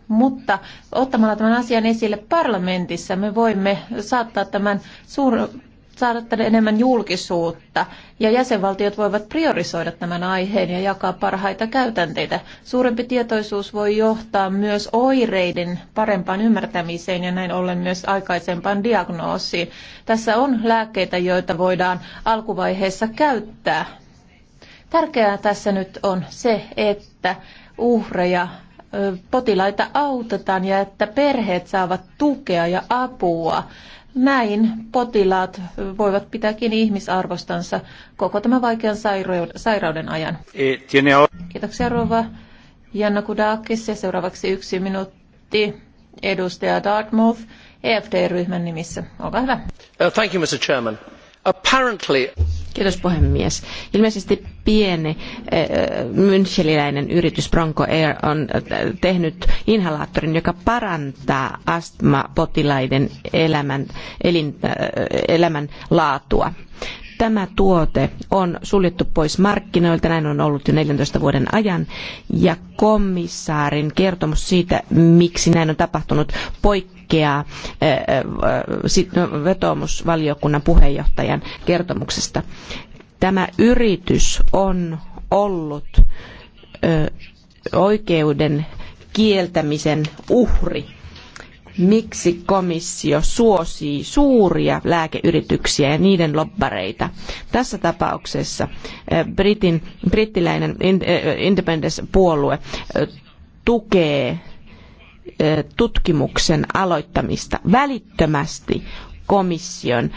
mutta ottamalla tämän asian esille parlamentissa me voimme saattaa tämän suur- saada tänne enemmän julkisuutta ja jäsenvaltiot voivat priorisoida tämän aiheen ja jakaa parhaita käytänteitä. Suurempi tietoisuus voi johtaa myös oireiden parempaan ymmärtämiseen ja näin ollen myös aikaisempaan diagnoosiin. Tässä on lääkkeitä, joita voidaan alkuvaiheessa käyttää. Tärkeää tässä nyt on se, että uhreja potilaita autetaan ja että perheet saavat tukea ja apua näin potilaat voivat pitääkin ihmisarvostansa koko tämän vaikean sairauden ajan. E, Kiitoksia Rova. Janna Kudakis ja seuraavaksi yksi minuutti edustaja Dartmouth EFD-ryhmän nimissä. Olkaa hyvä. Uh, thank you, Mr. Chairman. Apparently... Kiitos puhemies. Ilmeisesti pieni äh, eh, müncheliläinen yritys Bronco Air on eh, tehnyt inhalaattorin, joka parantaa astmapotilaiden elämän, elin, äh, elämän laatua. Tämä tuote on suljettu pois markkinoilta, näin on ollut jo 14 vuoden ajan, ja komissaarin kertomus siitä, miksi näin on tapahtunut, poikkeaa poikkeaa no, vetoomusvaliokunnan puheenjohtajan kertomuksesta. Tämä yritys on ollut oikeuden kieltämisen uhri miksi komissio suosii suuria lääkeyrityksiä ja niiden lobbareita. Tässä tapauksessa Britin, brittiläinen independence-puolue tukee tutkimuksen aloittamista välittömästi komission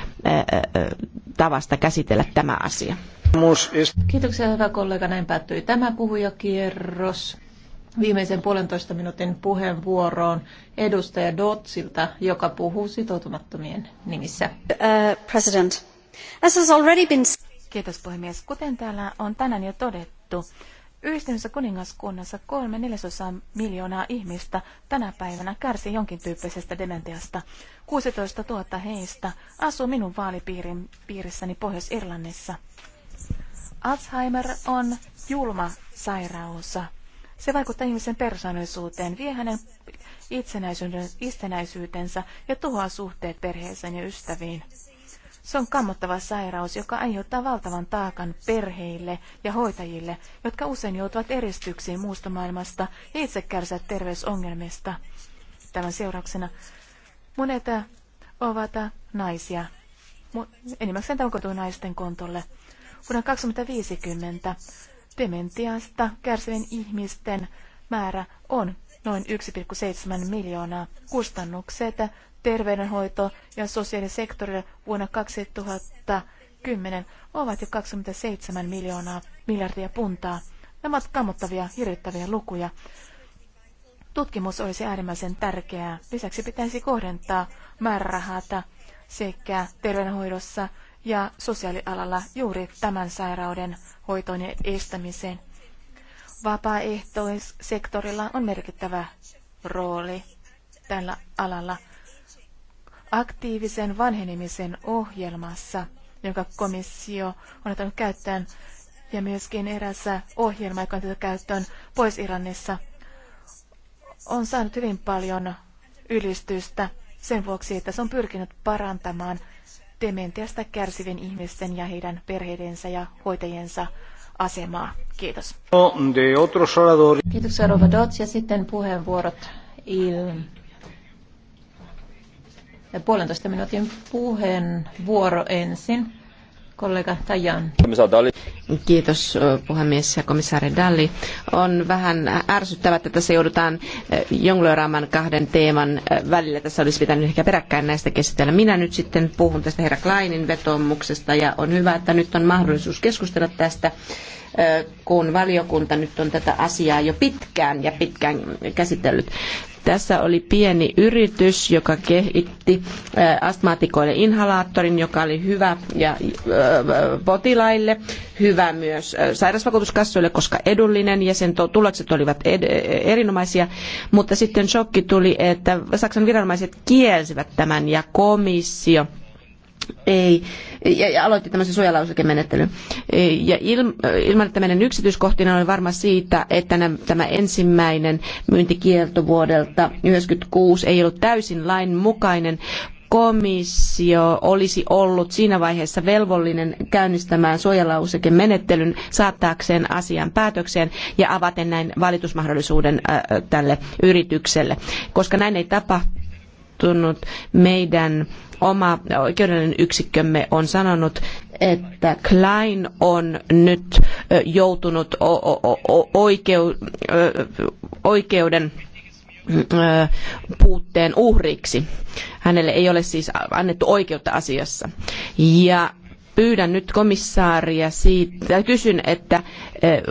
tavasta käsitellä tämä asia. Kiitoksia hyvä kollega. Näin päättyi tämä puhujakierros. Viimeisen puolentoista minuutin puheenvuoroon edustaja Dotsilta, joka puhuu sitoutumattomien nimissä. Uh, president. As has already been... Kiitos puhemies. Kuten täällä on tänään jo todettu, Yhdistyneessä kuningaskunnassa kolme neljäsosaa miljoonaa ihmistä tänä päivänä kärsii jonkin tyyppisestä dementiasta. 16 000 heistä asuu minun vaalipiirissäni Pohjois-Irlannissa. Alzheimer on julma sairaus. Se vaikuttaa ihmisen persoonallisuuteen, vie hänen itsenäisyytensä ja tuhoaa suhteet perheeseen ja ystäviin. Se on kammottava sairaus, joka aiheuttaa valtavan taakan perheille ja hoitajille, jotka usein joutuvat eristyksiin muusta maailmasta ja itse kärsivät terveysongelmista. Tämän seurauksena monet äh, ovat äh, naisia. Enimmäkseen tämä on naisten kontolle. Vuonna 2050 dementiasta kärsivien ihmisten määrä on noin 1,7 miljoonaa. Kustannukset terveydenhoito- ja sosiaalisektorille vuonna 2010 ovat jo 27 miljoonaa miljardia puntaa. Nämä ovat kammottavia, hirvittäviä lukuja. Tutkimus olisi äärimmäisen tärkeää. Lisäksi pitäisi kohdentaa määrärahat sekä terveydenhoidossa ja sosiaalialalla juuri tämän sairauden hoitoon ja estämiseen vapaaehtoissektorilla on merkittävä rooli tällä alalla aktiivisen vanhenemisen ohjelmassa, jonka komissio on ottanut käyttöön, ja myöskin erässä ohjelma, joka on otettu käyttöön pois Iranissa, on saanut hyvin paljon ylistystä sen vuoksi, että se on pyrkinyt parantamaan dementiasta kärsivien ihmisten ja heidän perheidensä ja hoitajiensa asemaa. Kiitos. Kiitoksia Rova Dots ja sitten puheenvuorot il... puolentoista minuutin puheenvuoro ensin kollega Tajan. Kiitos puhemies ja komissaari Dalli. On vähän ärsyttävää, että tässä joudutaan jonglööraamaan kahden teeman välillä. Tässä olisi pitänyt ehkä peräkkäin näistä käsitellä. Minä nyt sitten puhun tästä herra Kleinin vetomuksesta ja on hyvä, että nyt on mahdollisuus keskustella tästä kun valiokunta nyt on tätä asiaa jo pitkään ja pitkään käsitellyt. Tässä oli pieni yritys, joka kehitti astmaatikoille inhalaattorin, joka oli hyvä ja potilaille, hyvä myös sairausvakuutuskassoille, koska edullinen ja sen tulokset olivat erinomaisia. Mutta sitten shokki tuli, että Saksan viranomaiset kielsivät tämän ja komissio ei, ja, ja aloitti tämmöisen suojalausekemenettelyn. E, ja il, ilman, että menen yksityiskohtina olen varma siitä, että nämä, tämä ensimmäinen myyntikielto vuodelta 1996 ei ollut täysin lain mukainen, komissio olisi ollut siinä vaiheessa velvollinen käynnistämään suojalausekemenettelyn saattaakseen asian päätökseen ja avaten näin valitusmahdollisuuden tälle yritykselle. Koska näin ei tapahtunut, muuttunut. Meidän oma oikeudellinen yksikkömme on sanonut, että Klein on nyt joutunut oikeuden puutteen uhriksi. Hänelle ei ole siis annettu oikeutta asiassa. Ja Pyydän nyt komissaaria siitä, kysyn, että eh,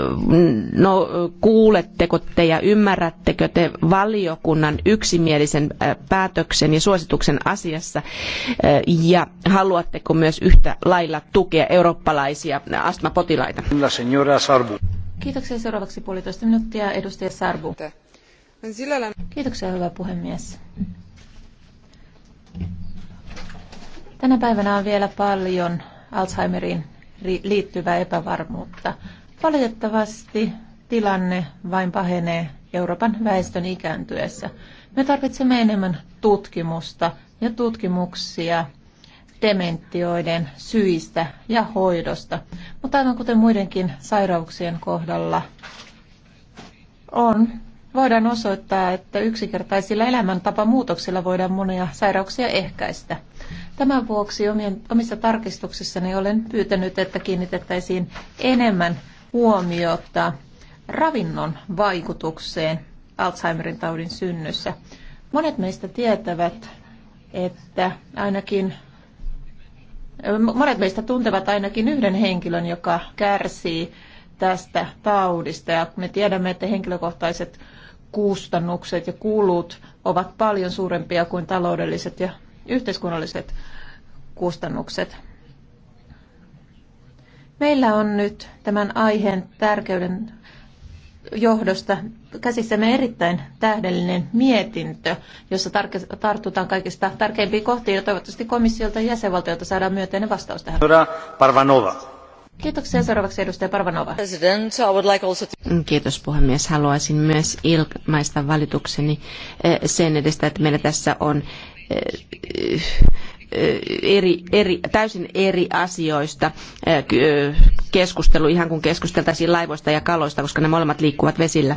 no, kuuletteko te ja ymmärrättekö te valiokunnan yksimielisen eh, päätöksen ja suosituksen asiassa eh, ja haluatteko myös yhtä lailla tukea eurooppalaisia astmapotilaita? Kiitoksia. Seuraavaksi puolitoista minuuttia edustaja Sarbu. Kiitoksia, hyvä puhemies. Tänä päivänä on vielä paljon Alzheimerin liittyvää epävarmuutta. Valitettavasti tilanne vain pahenee Euroopan väestön ikääntyessä. Me tarvitsemme enemmän tutkimusta ja tutkimuksia dementioiden syistä ja hoidosta. Mutta aivan kuten muidenkin sairauksien kohdalla on, voidaan osoittaa, että yksinkertaisilla elämäntapamuutoksilla voidaan monia sairauksia ehkäistä. Tämän vuoksi omissa tarkistuksissani olen pyytänyt, että kiinnitettäisiin enemmän huomiota ravinnon vaikutukseen Alzheimerin taudin synnyssä. Monet meistä tietävät, että ainakin monet meistä tuntevat ainakin yhden henkilön, joka kärsii tästä taudista. Ja me tiedämme, että henkilökohtaiset kustannukset ja kulut ovat paljon suurempia kuin taloudelliset ja yhteiskunnalliset kustannukset. Meillä on nyt tämän aiheen tärkeyden johdosta käsissämme erittäin tähdellinen mietintö, jossa tartutaan kaikista tärkeimpiin kohtiin ja toivottavasti komissiolta ja jäsenvaltiolta saadaan myönteinen vastaus tähän. Parvanova. Kiitoksia. Seuraavaksi edustaja Parvanova. Mm, kiitos puhemies. Haluaisin myös ilmaista valitukseni eh, sen edestä, että meillä tässä on Eh, eri, eri, täysin eri asioista eh, keskustelu, ihan kuin keskusteltaisiin laivoista ja kaloista, koska ne molemmat liikkuvat vesillä.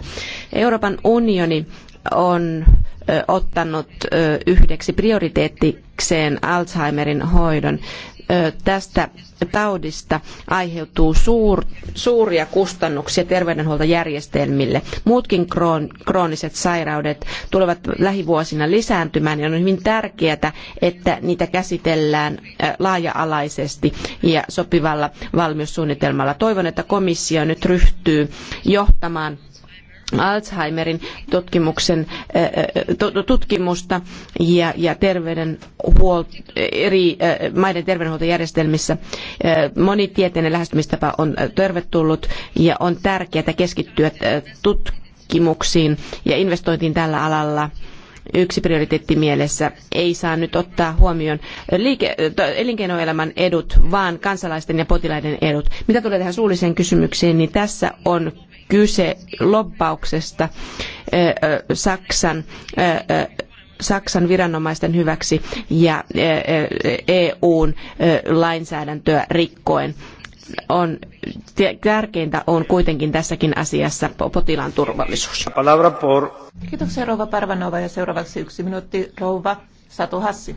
Euroopan unioni on eh, ottanut yhdeksi prioriteettikseen Alzheimerin hoidon tästä taudista aiheutuu suuria kustannuksia terveydenhuoltojärjestelmille. Muutkin krooniset sairaudet tulevat lähivuosina lisääntymään ja on hyvin tärkeää, että niitä käsitellään laaja-alaisesti ja sopivalla valmiussuunnitelmalla. Toivon, että komissio nyt ryhtyy johtamaan Alzheimerin tutkimuksen, tutkimusta ja, ja terveydenhuolto, eri maiden terveydenhuoltojärjestelmissä. Monitieteinen lähestymistapa on tervetullut ja on tärkeää keskittyä tutkimuksiin ja investointiin tällä alalla yksi prioriteetti mielessä ei saa nyt ottaa huomioon liike, elinkeinoelämän edut, vaan kansalaisten ja potilaiden edut. Mitä tulee tähän suulliseen kysymykseen, niin tässä on kyse lobbauksesta eh, eh, Saksan eh, Saksan viranomaisten hyväksi ja EUn e lainsäädäntöä rikkoen. On, tärkeintä on kuitenkin tässäkin asiassa potilaan turvallisuus. Kiitoksia rouva Parvanova ja seuraavaksi yksi minuutti rouva Satu Hassi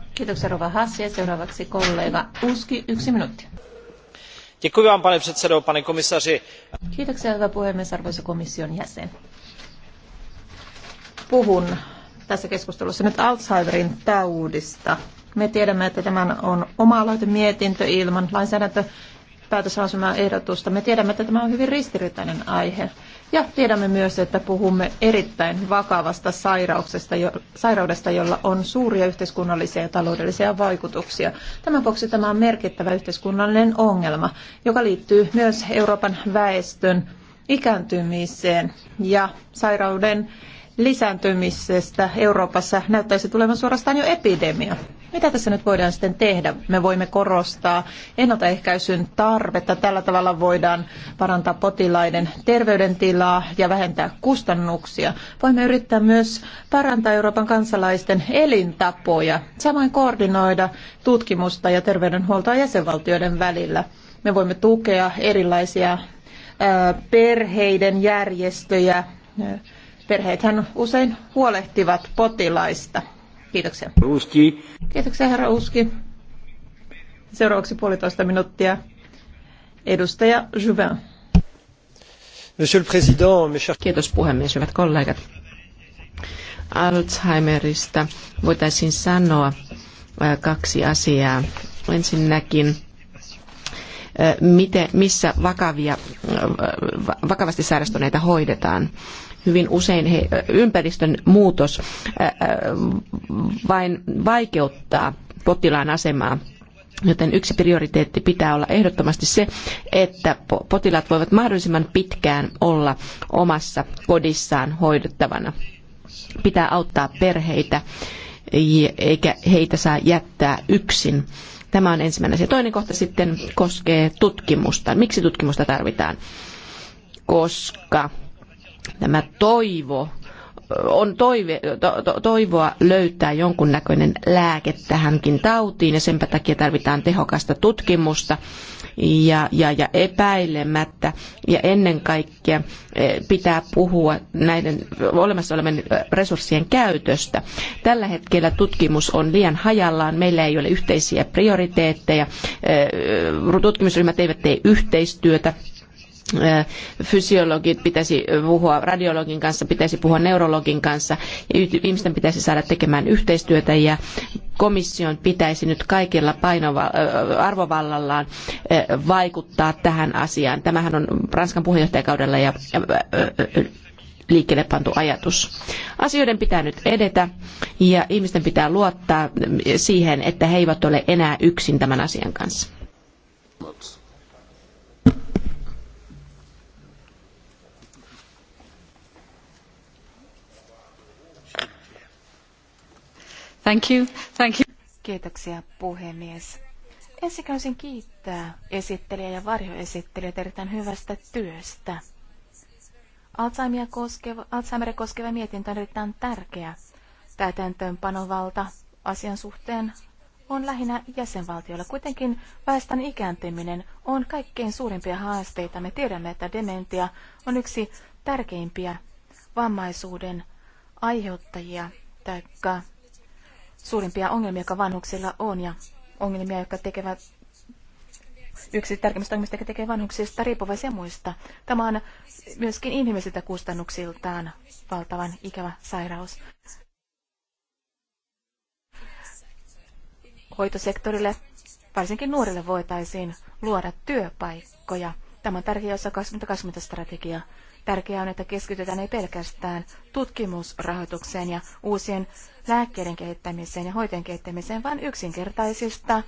Kiitoksia Rova Hassi ja seuraavaksi kollega Uski, yksi minuutti. Děkuji vám, pane předsedo, pane komisaři. Kiitoksia, hyvä puhemies, arvoisa komission jäsen. Puhun tässä keskustelussa nyt Alzheimerin taudista. Me tiedämme, että tämä on oma mietintö ilman lainsäädäntö päätöslausumaan ehdotusta. Me tiedämme, että tämä on hyvin ristiriitainen aihe. Ja tiedämme myös, että puhumme erittäin vakavasta sairauksesta, jo, sairaudesta, jolla on suuria yhteiskunnallisia ja taloudellisia vaikutuksia. Tämän vuoksi tämä on merkittävä yhteiskunnallinen ongelma, joka liittyy myös Euroopan väestön ikääntymiseen ja sairauden lisääntymisestä Euroopassa näyttäisi tulevan suorastaan jo epidemia. Mitä tässä nyt voidaan sitten tehdä? Me voimme korostaa ennaltaehkäisyn tarvetta. Tällä tavalla voidaan parantaa potilaiden terveydentilaa ja vähentää kustannuksia. Voimme yrittää myös parantaa Euroopan kansalaisten elintapoja, samoin koordinoida tutkimusta ja terveydenhuoltoa jäsenvaltioiden välillä. Me voimme tukea erilaisia perheiden järjestöjä. Perheethän usein huolehtivat potilaista. Kiitoksia. Ruski. Kiitoksia, herra Uski. Seuraavaksi puolitoista minuuttia. Edustaja Juvin. Monsieur le Président, mes chers... Kiitos puhemies, hyvät kollegat. Alzheimerista voitaisiin sanoa kaksi asiaa. Ensinnäkin miten, missä vakavia, vakavasti sairastuneita hoidetaan hyvin usein he, ympäristön muutos vain vaikeuttaa potilaan asemaa. Joten yksi prioriteetti pitää olla ehdottomasti se, että potilaat voivat mahdollisimman pitkään olla omassa kodissaan hoidettavana. Pitää auttaa perheitä, eikä heitä saa jättää yksin. Tämä on ensimmäinen asia. Toinen kohta sitten koskee tutkimusta. Miksi tutkimusta tarvitaan? Koska tämä toivo, on toive, to, to, toivoa löytää jonkunnäköinen lääke tähänkin tautiin ja sen takia tarvitaan tehokasta tutkimusta ja, ja, ja epäilemättä ja ennen kaikkea e, pitää puhua näiden olemassa olevien e, resurssien käytöstä. Tällä hetkellä tutkimus on liian hajallaan, meillä ei ole yhteisiä prioriteetteja, e, tutkimusryhmät eivät tee yhteistyötä fysiologit pitäisi puhua, radiologin kanssa pitäisi puhua neurologin kanssa. Ihmisten pitäisi saada tekemään yhteistyötä ja komission pitäisi nyt kaikilla painova- arvovallallaan vaikuttaa tähän asiaan. Tämähän on Ranskan puheenjohtajakaudella ja liikkeelle pantu ajatus. Asioiden pitää nyt edetä ja ihmisten pitää luottaa siihen, että he eivät ole enää yksin tämän asian kanssa. Thank you. Thank you. Kiitoksia puhemies. Ensikäisin kiittää esittelijä ja varjoesittelijät erittäin hyvästä työstä. Alzheimeria koskeva, Alzheimeria koskeva mietintö on erittäin tärkeä. Täytäntöönpanovalta asian suhteen on lähinnä jäsenvaltioilla. Kuitenkin väestön ikääntyminen on kaikkein suurimpia haasteita. Me tiedämme, että dementia on yksi tärkeimpiä vammaisuuden aiheuttajia tai suurimpia ongelmia, joka vanhuksilla on ja ongelmia, jotka tekevät yksi tärkeimmistä ongelmista, jotka tekee vanhuksista riippuvaisia muista. Tämä on myöskin inhimillisiltä kustannuksiltaan valtavan ikävä sairaus. Hoitosektorille, varsinkin nuorille, voitaisiin luoda työpaikkoja. Tämä on tärkeä osa 2020-strategiaa. -2020 Tärkeää on, että keskitytään ei pelkästään tutkimusrahoitukseen ja uusien lääkkeiden kehittämiseen ja hoitojen kehittämiseen, vaan yksinkertaisista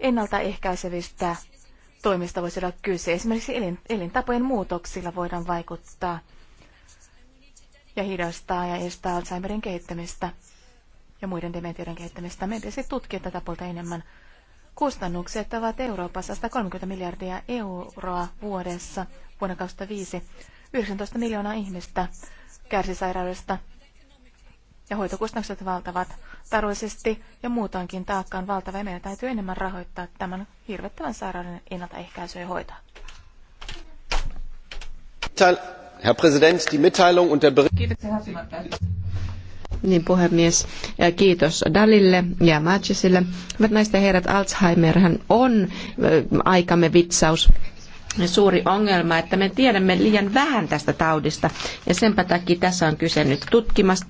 ennaltaehkäisevistä toimista voisi olla kyse. Esimerkiksi elintapojen muutoksilla voidaan vaikuttaa ja hidastaa ja estää Alzheimerin kehittämistä ja muiden dementioiden kehittämistä. Meidän pitäisi tutkia tätä puolta enemmän. Kustannukset ovat Euroopassa 130 miljardia euroa vuodessa vuonna 2005. 19 miljoonaa ihmistä kärsi sairaudesta ja hoitokustannukset valtavat. Taloudellisesti ja muutoinkin taakka on valtava ja meidän täytyy enemmän rahoittaa tämän hirvettävän sairauden ennaltaehkäisyä ja hoitoa. Herr Präsident, die Mitteilung und der Bericht. Niin puhemies, kiitos Dalille ja Matchisille. Hyvät naiset ja herrat, Alzheimerhan on aikamme vitsaus suuri ongelma, että me tiedämme liian vähän tästä taudista. Ja senpä takia tässä on kyse nyt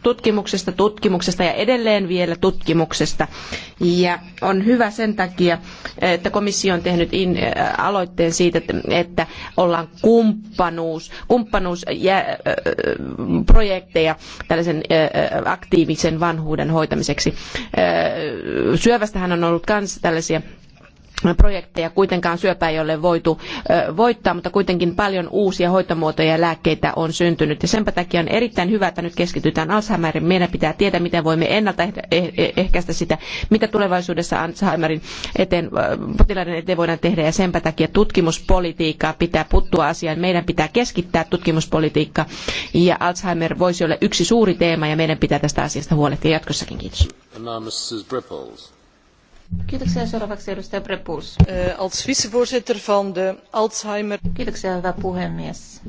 tutkimuksesta, tutkimuksesta ja edelleen vielä tutkimuksesta. Ja on hyvä sen takia, että komissio on tehnyt äh, aloitteen siitä, että ollaan kumppanuus, kumppanuusprojekteja äh, tällaisen äh, aktiivisen vanhuuden hoitamiseksi. Syövästähän on ollut myös tällaisia projekteja kuitenkaan syöpää ei ole voitu voittaa, mutta kuitenkin paljon uusia hoitomuotoja ja lääkkeitä on syntynyt. Ja sen takia on erittäin hyvä, että nyt keskitytään Alzheimerin. Meidän pitää tietää, miten voimme ennaltaehkäistä eh- eh- eh- sitä, mitä tulevaisuudessa Alzheimerin eteen, potilaiden eteen voidaan tehdä. Ja sen takia tutkimuspolitiikkaa pitää puuttua asiaan. Meidän pitää keskittää tutkimuspolitiikka. Ja Alzheimer voisi olla yksi suuri teema ja meidän pitää tästä asiasta huolehtia jatkossakin. Kiitos. Kiitoksia. Seuraavaksi edustaja Prepuus. Eh, als vicevoorzitter van de Alzheimer... Kiitoksia, hyvä puhemies.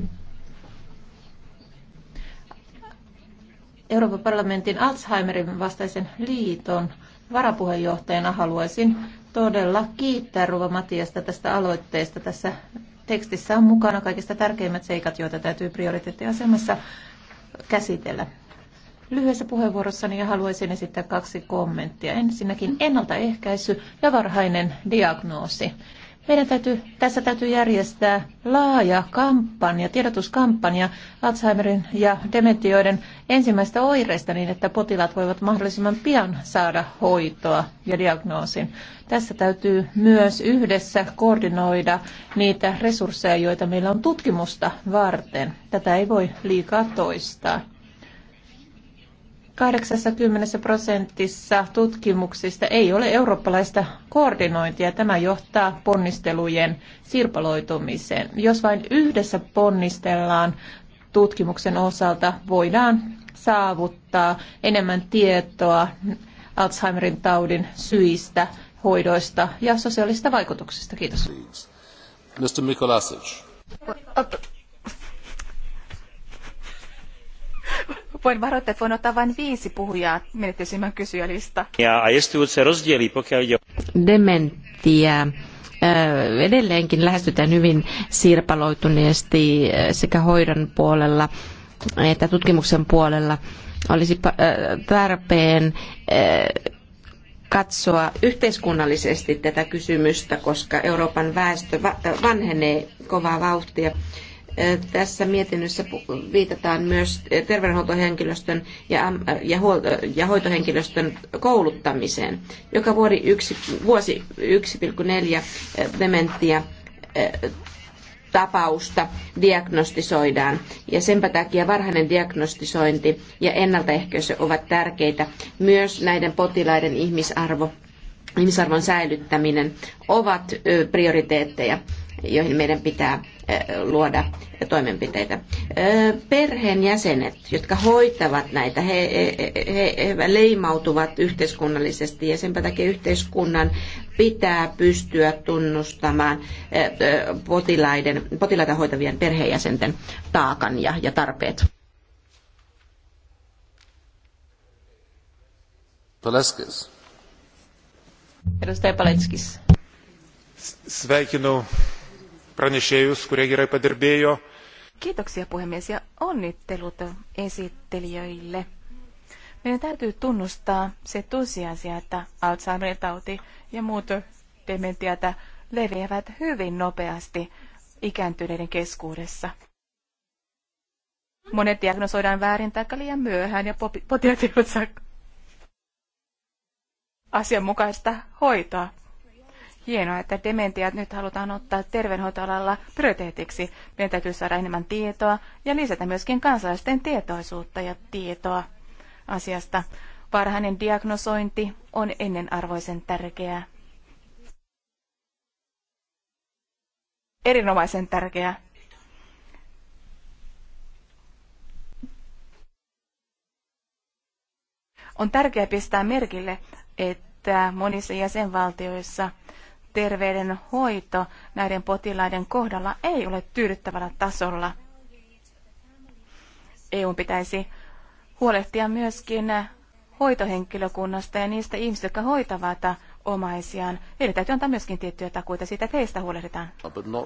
Euroopan parlamentin Alzheimerin vastaisen liiton varapuheenjohtajana haluaisin todella kiittää Ruva Matiasta tästä aloitteesta. Tässä tekstissä on mukana kaikista tärkeimmät seikat, joita täytyy prioriteettiasemassa käsitellä lyhyessä puheenvuorossani ja haluaisin esittää kaksi kommenttia. Ensinnäkin ennaltaehkäisy ja varhainen diagnoosi. Meidän täytyy, tässä täytyy järjestää laaja kampanja, tiedotuskampanja Alzheimerin ja dementioiden ensimmäistä oireista niin, että potilaat voivat mahdollisimman pian saada hoitoa ja diagnoosin. Tässä täytyy myös yhdessä koordinoida niitä resursseja, joita meillä on tutkimusta varten. Tätä ei voi liikaa toistaa. 80 prosentissa tutkimuksista ei ole eurooppalaista koordinointia. Tämä johtaa ponnistelujen sirpaloitumiseen. Jos vain yhdessä ponnistellaan tutkimuksen osalta, voidaan saavuttaa enemmän tietoa Alzheimerin taudin syistä, hoidoista ja sosiaalista vaikutuksista. Kiitos. Mr. Mikolasic. Voin varoittaa, että voin ottaa vain viisi puhujaa menettäisimmän kysyjälista. Ja se rozdieli, pokiaan jo... Dementia. edelleenkin lähestytään hyvin sirpaloituneesti sekä hoidon puolella että tutkimuksen puolella. Olisi tarpeen katsoa yhteiskunnallisesti tätä kysymystä, koska Euroopan väestö vanhenee kovaa vauhtia tässä mietinnössä viitataan myös terveydenhuoltohenkilöstön ja, ja, huolto, ja hoitohenkilöstön kouluttamiseen. Joka vuosi yksi, vuosi 1,4 dementtiä tapausta diagnostisoidaan. Ja senpä takia varhainen diagnostisointi ja ennaltaehkäisy ovat tärkeitä. Myös näiden potilaiden ihmisarvo, ihmisarvon säilyttäminen ovat prioriteetteja joihin meidän pitää luoda toimenpiteitä. Perheen jäsenet, jotka hoitavat näitä, he, he, he leimautuvat yhteiskunnallisesti ja sen takia yhteiskunnan pitää pystyä tunnustamaan potilaiden, potilaita hoitavien perheenjäsenten taakan ja, ja tarpeet. Paleskis. Edustaja Paletskis. Sveikinu pranešėjus, kurie gerai padirbėjo. Kiitoksia puhemies ja onnittelut esittelijöille. Meidän täytyy tunnustaa se tosiasia, että Alzheimerin tauti ja muut dementiat leviävät hyvin nopeasti ikääntyneiden keskuudessa. Monet diagnosoidaan väärin tai liian myöhään ja potilaat eivät saa asianmukaista hoitoa. Hienoa, että dementiat nyt halutaan ottaa terveydenhoitoalalla prioriteetiksi. Meidän täytyy saada enemmän tietoa ja lisätä myöskin kansalaisten tietoisuutta ja tietoa asiasta. Varhainen diagnosointi on ennenarvoisen tärkeää. Erinomaisen tärkeää. On tärkeää pistää merkille, että monissa jäsenvaltioissa – terveydenhoito näiden potilaiden kohdalla ei ole tyydyttävällä tasolla. EU pitäisi huolehtia myöskin hoitohenkilökunnasta ja niistä ihmisistä, jotka hoitavat omaisiaan. Heille täytyy antaa myöskin tiettyjä takuita siitä, että heistä huolehditaan. No,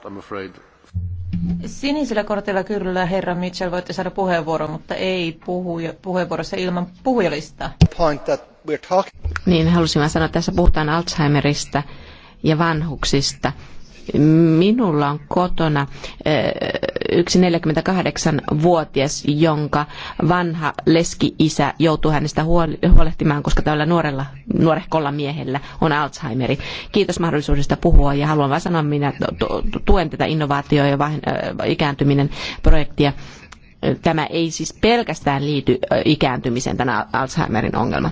Sinisellä kortilla kyllä, herra Mitchell, voitte saada puheenvuoron, mutta ei puhuja, puheenvuorossa ilman puhujalista. Niin, halusin sanoa, että tässä puhutaan Alzheimerista ja vanhuksista. Minulla on kotona eh, yksi 48-vuotias, jonka vanha leski-isä joutuu hänestä huolehtimaan, koska tällä nuorella, nuorehkolla miehellä on Alzheimeri. Kiitos mahdollisuudesta puhua ja haluan vain sanoa, minä tuen tätä innovaatio- ja eh, ikääntyminen projektia. Tämä ei siis pelkästään liity eh, ikääntymiseen, tämä Alzheimerin ongelma.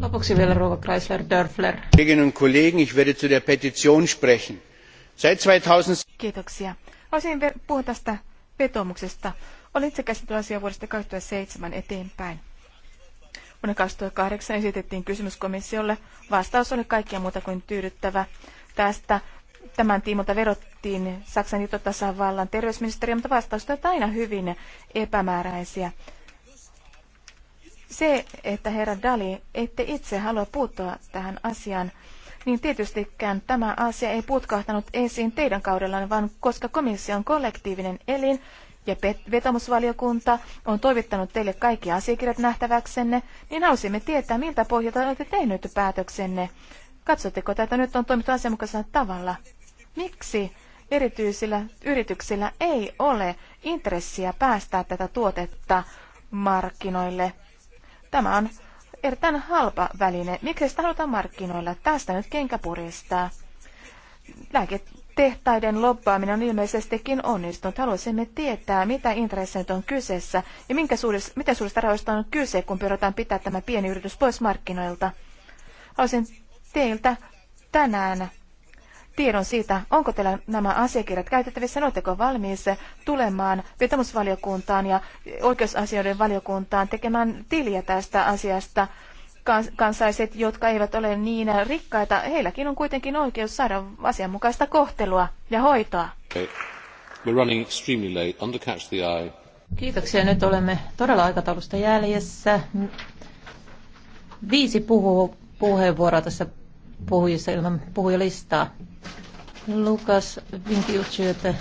Lopuksi vielä Rova Chrysler Dörfler. Kolleginnen und Kollegen, ich werde zu der Petition sprechen. Seit 2000... Kiitoksia. Olisin puhua tästä vetomuksesta. Olen itse käsitellyt asiaa vuodesta 2007 eteenpäin. Vuonna 2008 esitettiin kysymys komissiolle. Vastaus oli kaikkea muuta kuin tyydyttävä. Tästä tämän tiimolta verottiin Saksan liittotasavallan terveysministeriä, mutta vastaukset ovat aina hyvin epämääräisiä. Se, että herra Dali, ette itse halua puuttua tähän asiaan, niin tietystikään tämä asia ei putkahtanut esiin teidän kaudellanne, vaan koska komissio on kollektiivinen elin ja vetomusvaliokunta on toivittanut teille kaikki asiakirjat nähtäväksenne, niin halusimme tietää, miltä pohjalta olette tehneet päätöksenne. Katsotteko tätä nyt on toimittu asianmukaisella tavalla? Miksi erityisillä yrityksillä ei ole intressiä päästää tätä tuotetta markkinoille? Tämä on erittäin halpa väline. Miksi sitä halutaan markkinoilla? Tästä nyt kenkä puristaa. Lääketehtaiden lobbaaminen on ilmeisestikin onnistunut. Haluaisimme tietää, mitä intressejä on kyseessä ja minkä suurista, miten suurista rahoista on kyse, kun pyritään pitää tämä pieni yritys pois markkinoilta. Haluaisin teiltä tänään tiedon siitä, onko teillä nämä asiakirjat käytettävissä, oletteko valmiis tulemaan vetomusvaliokuntaan ja oikeusasioiden valiokuntaan tekemään tiliä tästä asiasta. Kansaiset, jotka eivät ole niin rikkaita, heilläkin on kuitenkin oikeus saada asianmukaista kohtelua ja hoitoa. Kiitoksia. Nyt olemme todella aikataulusta jäljessä. Viisi puhu- puheenvuoroa tässä puhujissa ilman puhujalistaa. Lukas Vinkiutsiötä.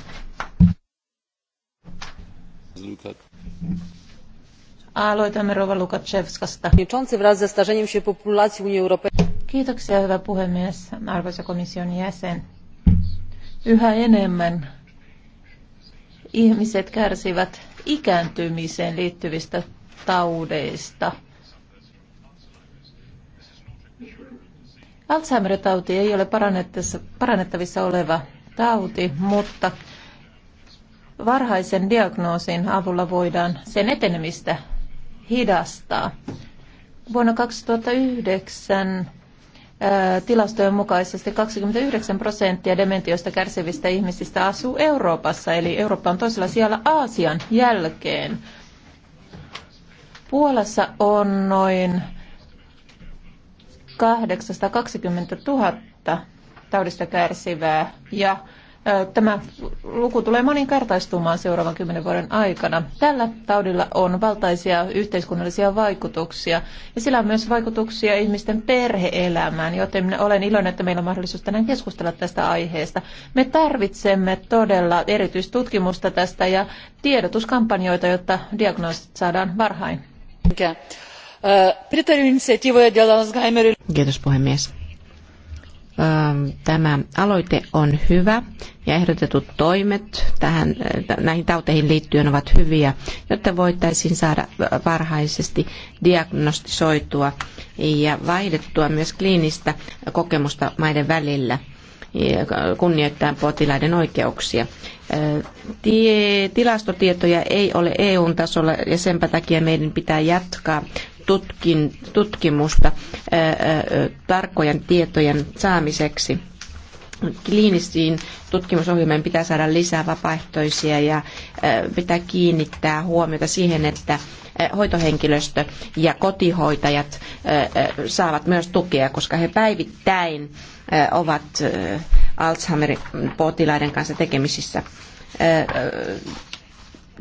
Aloitamme Rova Lukaczewskasta. wraz ze starzeniem się populacji Unii Europejskiej. Kiitoksia, hyvä puhemies, arvoisa komission jäsen. Yhä enemmän ihmiset kärsivät ikääntymiseen liittyvistä taudeista – Alzheimer-tauti ei ole parannettavissa oleva tauti, mutta varhaisen diagnoosin avulla voidaan sen etenemistä hidastaa. Vuonna 2009 tilastojen mukaisesti 29 prosenttia dementiosta kärsivistä ihmisistä asuu Euroopassa, eli Eurooppa on toisella siellä Aasian jälkeen. Puolassa on noin 820 000 taudista kärsivää ja Tämä luku tulee moninkertaistumaan seuraavan kymmenen vuoden aikana. Tällä taudilla on valtaisia yhteiskunnallisia vaikutuksia ja sillä on myös vaikutuksia ihmisten perheelämään, joten minä olen iloinen, että meillä on mahdollisuus tänään keskustella tästä aiheesta. Me tarvitsemme todella erityistutkimusta tästä ja tiedotuskampanjoita, jotta diagnoosit saadaan varhain. Okay. Pritariu äh, initiatiivoja dėl Alzheimerin. Kiitos puhemies. Äh, tämä aloite on hyvä ja ehdotetut toimet tähän, äh, näihin tauteihin liittyen ovat hyviä, jotta voitaisiin saada varhaisesti diagnostisoitua ja vaihdettua myös kliinistä kokemusta maiden välillä kunnioittaen potilaiden oikeuksia. tilastotietoja ei ole EUn tasolla ja sen takia meidän pitää jatkaa tutkin, tutkimusta tarkkojen tietojen saamiseksi kliinisiin tutkimusohjelmiin pitää saada lisää vapaaehtoisia ja pitää kiinnittää huomiota siihen, että hoitohenkilöstö ja kotihoitajat saavat myös tukea, koska he päivittäin ovat Alzheimer-potilaiden kanssa tekemisissä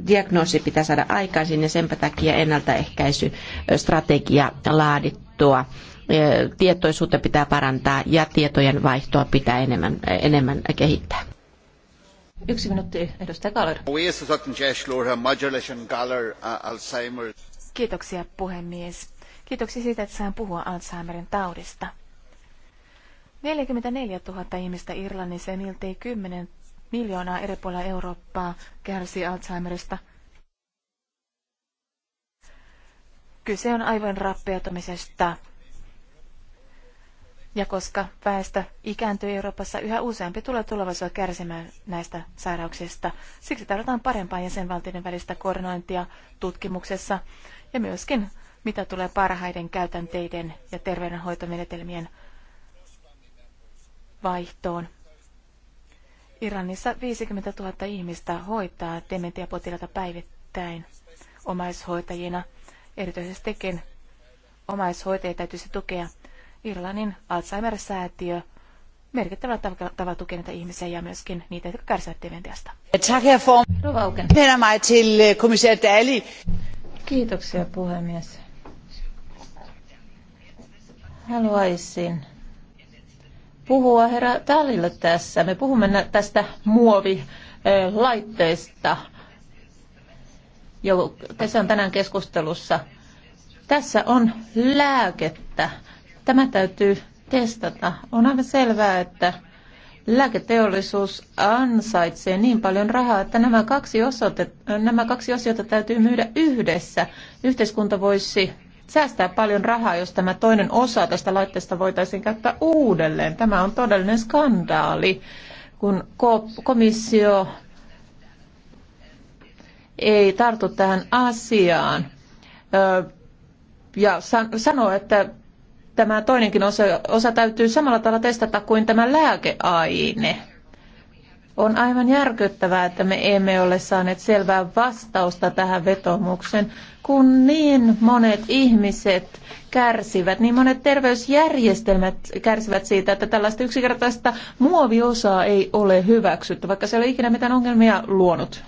diagnoosi pitää saada aikaisin ja senpä takia ennaltaehkäisystrategia laadittua. Tietoisuutta pitää parantaa ja tietojen vaihtoa pitää enemmän, enemmän kehittää. Yksi minuutti, edustaja Galler. Uh, Kiitoksia puhemies. Kiitoksia siitä, että saan puhua Alzheimerin taudista. 44 000 ihmistä Irlannissa ja miltei 10 miljoonaa eri puolilla Eurooppaa kärsii Alzheimerista. Kyse on aivojen rappeutumisesta. Ja koska väestö ikääntyy Euroopassa, yhä useampi tulee tulevaisuudessa kärsimään näistä sairauksista. Siksi tarvitaan parempaa jäsenvaltioiden välistä koordinointia tutkimuksessa ja myöskin mitä tulee parhaiden käytänteiden ja terveydenhoitomenetelmien vaihtoon Iranissa 50 000 ihmistä hoitaa dementiapotilaita päivittäin omaishoitajina. Erityisestikin omaishoitajia täytyisi tukea. Irlannin Alzheimer-säätiö merkittävällä tavalla tukee näitä ihmisiä ja myöskin niitä, jotka kärsivät dementiasta. Øh, Kiitoksia puhemies. Haluaisin puhua herra Tallille tässä. Me puhumme tästä muovilaitteesta, joka on tänään keskustelussa. Tässä on lääkettä. Tämä täytyy testata. On aivan selvää, että lääketeollisuus ansaitsee niin paljon rahaa, että nämä kaksi, osoite, nämä kaksi osiota täytyy myydä yhdessä. Yhteiskunta voisi säästää paljon rahaa, jos tämä toinen osa tästä laitteesta voitaisiin käyttää uudelleen. Tämä on todellinen skandaali, kun komissio ei tartu tähän asiaan ja sanoo, että tämä toinenkin osa, osa täytyy samalla tavalla testata kuin tämä lääkeaine. On aivan järkyttävää, että me emme ole saaneet selvää vastausta tähän vetomukseen, kun niin monet ihmiset kärsivät, niin monet terveysjärjestelmät kärsivät siitä, että tällaista yksinkertaista muoviosaa ei ole hyväksytty, vaikka se ei ole ikinä mitään ongelmia luonut.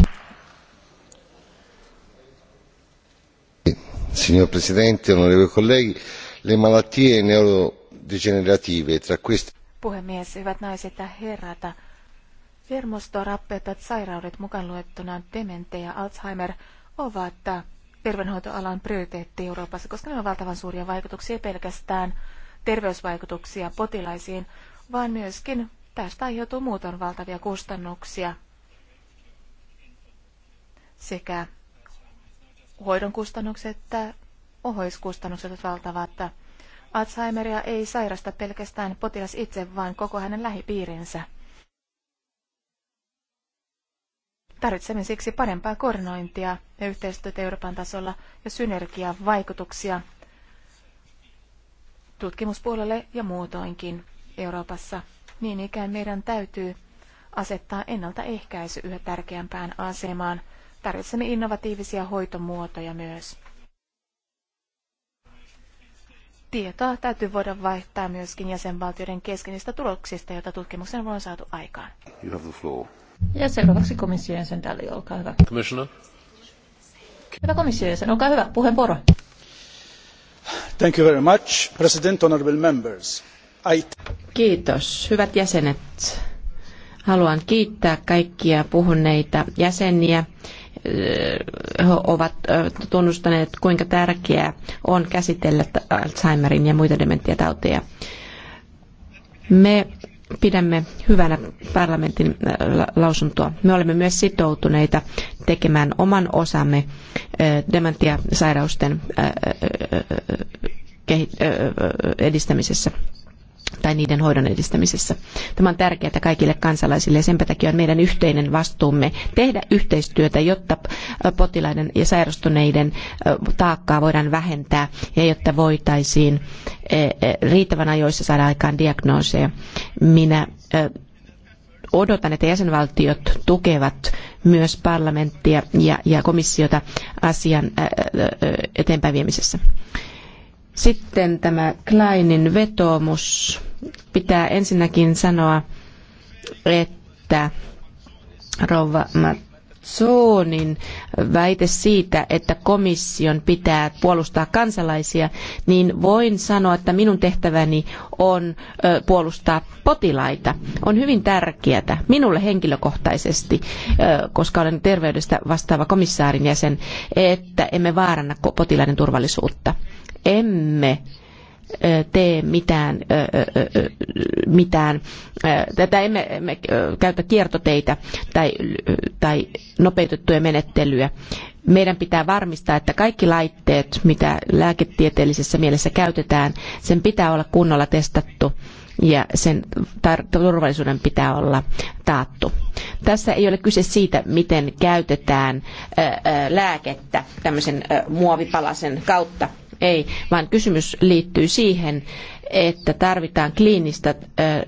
Signor Presidente, onorevoli colleghi, le malattie neurodegenerative tra queste... Puhemies, hyvät naiset ja herrat, Hermostorappeet, sairaudet mukaan luettuna demente ja Alzheimer ovat terveydenhoitoalan prioriteetti Euroopassa, koska ne ovat valtavan suuria vaikutuksia pelkästään terveysvaikutuksia potilaisiin, vaan myöskin tästä aiheutuu muuton valtavia kustannuksia sekä hoidon kustannukset että ohoiskustannukset ovat valtavat. Alzheimeria ei sairasta pelkästään potilas itse, vaan koko hänen lähipiirinsä. Tarvitsemme siksi parempaa koordinointia ja yhteistyötä Euroopan tasolla ja synergiavaikutuksia tutkimuspuolelle ja muutoinkin Euroopassa. Niin ikään meidän täytyy asettaa ennaltaehkäisy yhä tärkeämpään asemaan. Tarvitsemme innovatiivisia hoitomuotoja myös. Tietoa täytyy voida vaihtaa myöskin jäsenvaltioiden keskenistä tuloksista, joita tutkimuksen on saatu aikaan. You have the floor. Ja seuraavaksi komission jäsen Dalli, olkaa hyvä. Commissioner. Hyvä komission jäsen, olkaa hyvä, puheenvuoro. Thank you very much, President, honorable members. I... Kiitos, hyvät jäsenet. Haluan kiittää kaikkia puhuneita jäseniä. He ovat tunnustaneet, kuinka tärkeää on käsitellä Alzheimerin ja muita dementiatauteja. Me pidämme hyvänä parlamentin äh, lausuntoa. Me olemme myös sitoutuneita tekemään oman osamme dementiasairausten edistämisessä tai niiden hoidon edistämisessä. Tämä on tärkeää kaikille kansalaisille ja sen takia on meidän yhteinen vastuumme tehdä yhteistyötä, jotta potilaiden ja sairastuneiden taakkaa voidaan vähentää ja jotta voitaisiin e, e, riittävän ajoissa saada aikaan diagnooseja. Minä odotan, että jäsenvaltiot tukevat myös parlamenttia ja, komissiota asian eteenpäin viemisessä. Sitten tämä Kleinin vetoomus. Pitää ensinnäkin sanoa, että rouva Zonin väite siitä, että komission pitää puolustaa kansalaisia, niin voin sanoa, että minun tehtäväni on puolustaa potilaita. On hyvin tärkeää minulle henkilökohtaisesti, koska olen terveydestä vastaava komissaarin jäsen, että emme vaaranna potilaiden turvallisuutta emme tee mitään, mitään tätä emme, emme käytä kiertoteitä tai, tai nopeutettuja menettelyjä. Meidän pitää varmistaa, että kaikki laitteet, mitä lääketieteellisessä mielessä käytetään, sen pitää olla kunnolla testattu ja sen turvallisuuden pitää olla taattu. Tässä ei ole kyse siitä, miten käytetään lääkettä tämmöisen muovipalasen kautta ei, vaan kysymys liittyy siihen, että tarvitaan kliinistä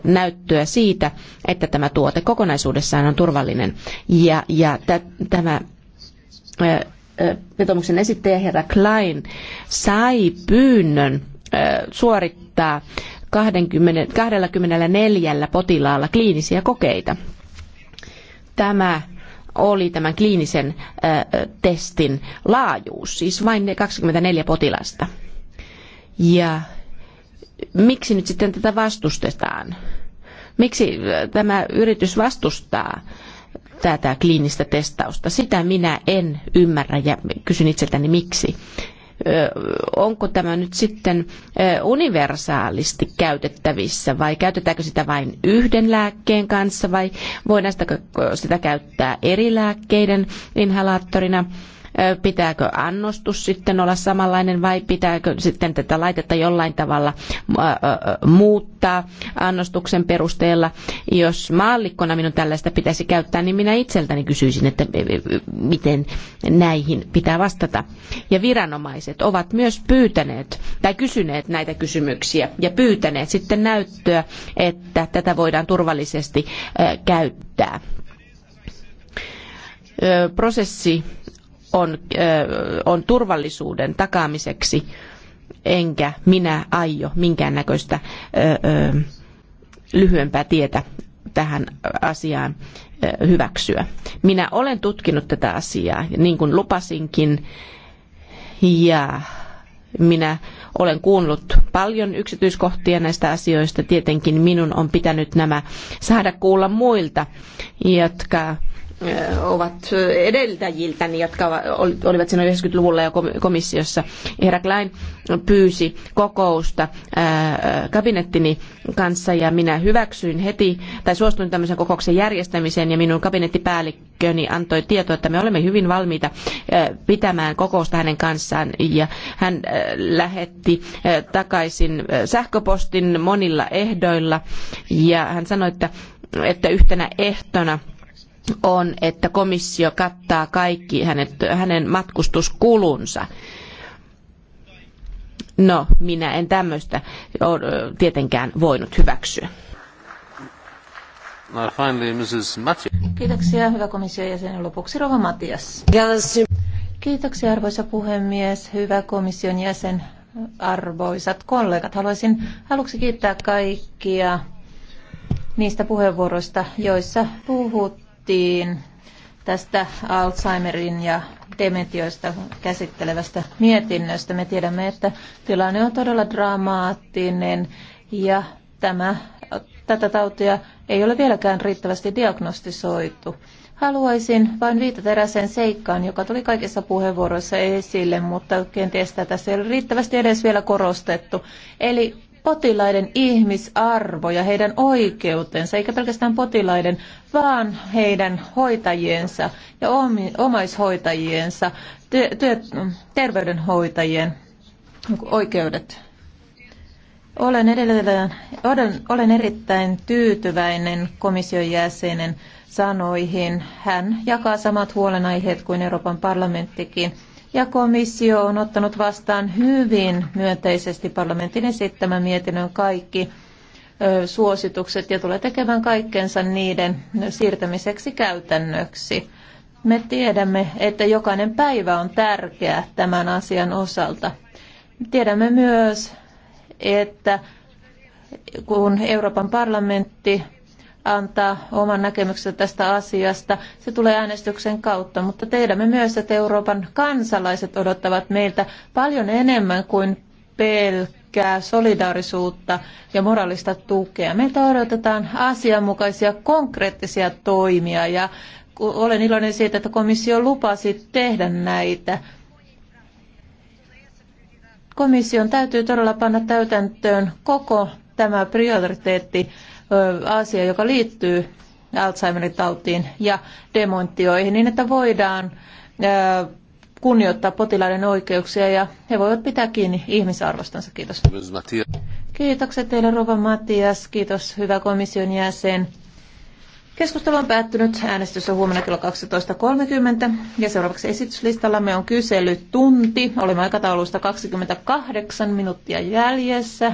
näyttöä siitä, että tämä tuote kokonaisuudessaan on turvallinen. Ja, ja tämä vetomuksen esittäjä herra Klein sai pyynnön suorittaa 20, 24 potilaalla kliinisiä kokeita. Tämä oli tämän kliinisen testin laajuus, siis vain ne 24 potilasta. Ja miksi nyt sitten tätä vastustetaan? Miksi tämä yritys vastustaa tätä kliinistä testausta? Sitä minä en ymmärrä ja kysyn itseltäni miksi onko tämä nyt sitten universaalisti käytettävissä vai käytetäänkö sitä vain yhden lääkkeen kanssa vai voidaanko sitä käyttää eri lääkkeiden inhalaattorina? Pitääkö annostus sitten olla samanlainen vai pitääkö sitten tätä laitetta jollain tavalla muuttaa annostuksen perusteella? Jos maallikkona minun tällaista pitäisi käyttää, niin minä itseltäni kysyisin, että miten näihin pitää vastata. Ja viranomaiset ovat myös pyytäneet tai kysyneet näitä kysymyksiä ja pyytäneet sitten näyttöä, että tätä voidaan turvallisesti käyttää. Prosessi on, on turvallisuuden takaamiseksi, enkä minä aio minkäännäköistä näköistä lyhyempää tietä tähän asiaan hyväksyä. Minä olen tutkinut tätä asiaa, niin kuin lupasinkin, ja minä olen kuullut paljon yksityiskohtia näistä asioista. Tietenkin minun on pitänyt nämä saada kuulla muilta, jotka ovat edeltäjiltäni, jotka olivat siinä 90-luvulla jo komissiossa. Herra Klein pyysi kokousta kabinettini kanssa ja minä hyväksyin heti, tai suostuin tämmöisen kokouksen järjestämiseen ja minun kabinettipäällikköni antoi tietoa, että me olemme hyvin valmiita pitämään kokousta hänen kanssaan ja hän lähetti takaisin sähköpostin monilla ehdoilla ja hän sanoi, että, että yhtenä ehtona on, että komissio kattaa kaikki hänet, hänen matkustuskulunsa. No, minä en tämmöistä tietenkään voinut hyväksyä. Kiitoksia, hyvä komission jäsen. Lopuksi Rova Matias. Kiitoksia, arvoisa puhemies, hyvä komission jäsen, arvoisat kollegat. Haluaisin aluksi kiittää kaikkia niistä puheenvuoroista, joissa puhut puhuttiin tästä Alzheimerin ja dementioista käsittelevästä mietinnöstä. Me tiedämme, että tilanne on todella dramaattinen ja tämä, tätä tautia ei ole vieläkään riittävästi diagnostisoitu. Haluaisin vain viitata eräseen seikkaan, joka tuli kaikissa puheenvuoroissa esille, mutta kenties tässä ei ole riittävästi edes vielä korostettu. Eli potilaiden ihmisarvo ja heidän oikeutensa, eikä pelkästään potilaiden, vaan heidän hoitajiensa ja omaishoitajiensa, terveydenhoitajien oikeudet. Olen, edelleen, olen, olen erittäin tyytyväinen komission jäsenen sanoihin. Hän jakaa samat huolenaiheet kuin Euroopan parlamenttikin ja komissio on ottanut vastaan hyvin myönteisesti parlamentin esittämän mietinnön kaikki suositukset ja tulee tekemään kaikkensa niiden siirtämiseksi käytännöksi. Me tiedämme, että jokainen päivä on tärkeä tämän asian osalta. Tiedämme myös, että kun Euroopan parlamentti antaa oman näkemyksensä tästä asiasta. Se tulee äänestyksen kautta, mutta tiedämme myös, että Euroopan kansalaiset odottavat meiltä paljon enemmän kuin pelkkää solidaarisuutta ja moraalista tukea. Meiltä odotetaan asianmukaisia konkreettisia toimia ja olen iloinen siitä, että komissio lupasi tehdä näitä. Komission täytyy todella panna täytäntöön koko tämä prioriteetti asia, joka liittyy Alzheimerin tautiin ja demontioihin, niin että voidaan kunnioittaa potilaiden oikeuksia ja he voivat pitää kiinni ihmisarvostansa. Kiitos. Kiitokset teille Rova Matias, kiitos hyvä komission jäsen. Keskustelu on päättynyt. Äänestys on huomenna kello 12.30. Ja seuraavaksi esityslistallamme on kyselytunti. Olemme aikataulusta 28 minuuttia jäljessä.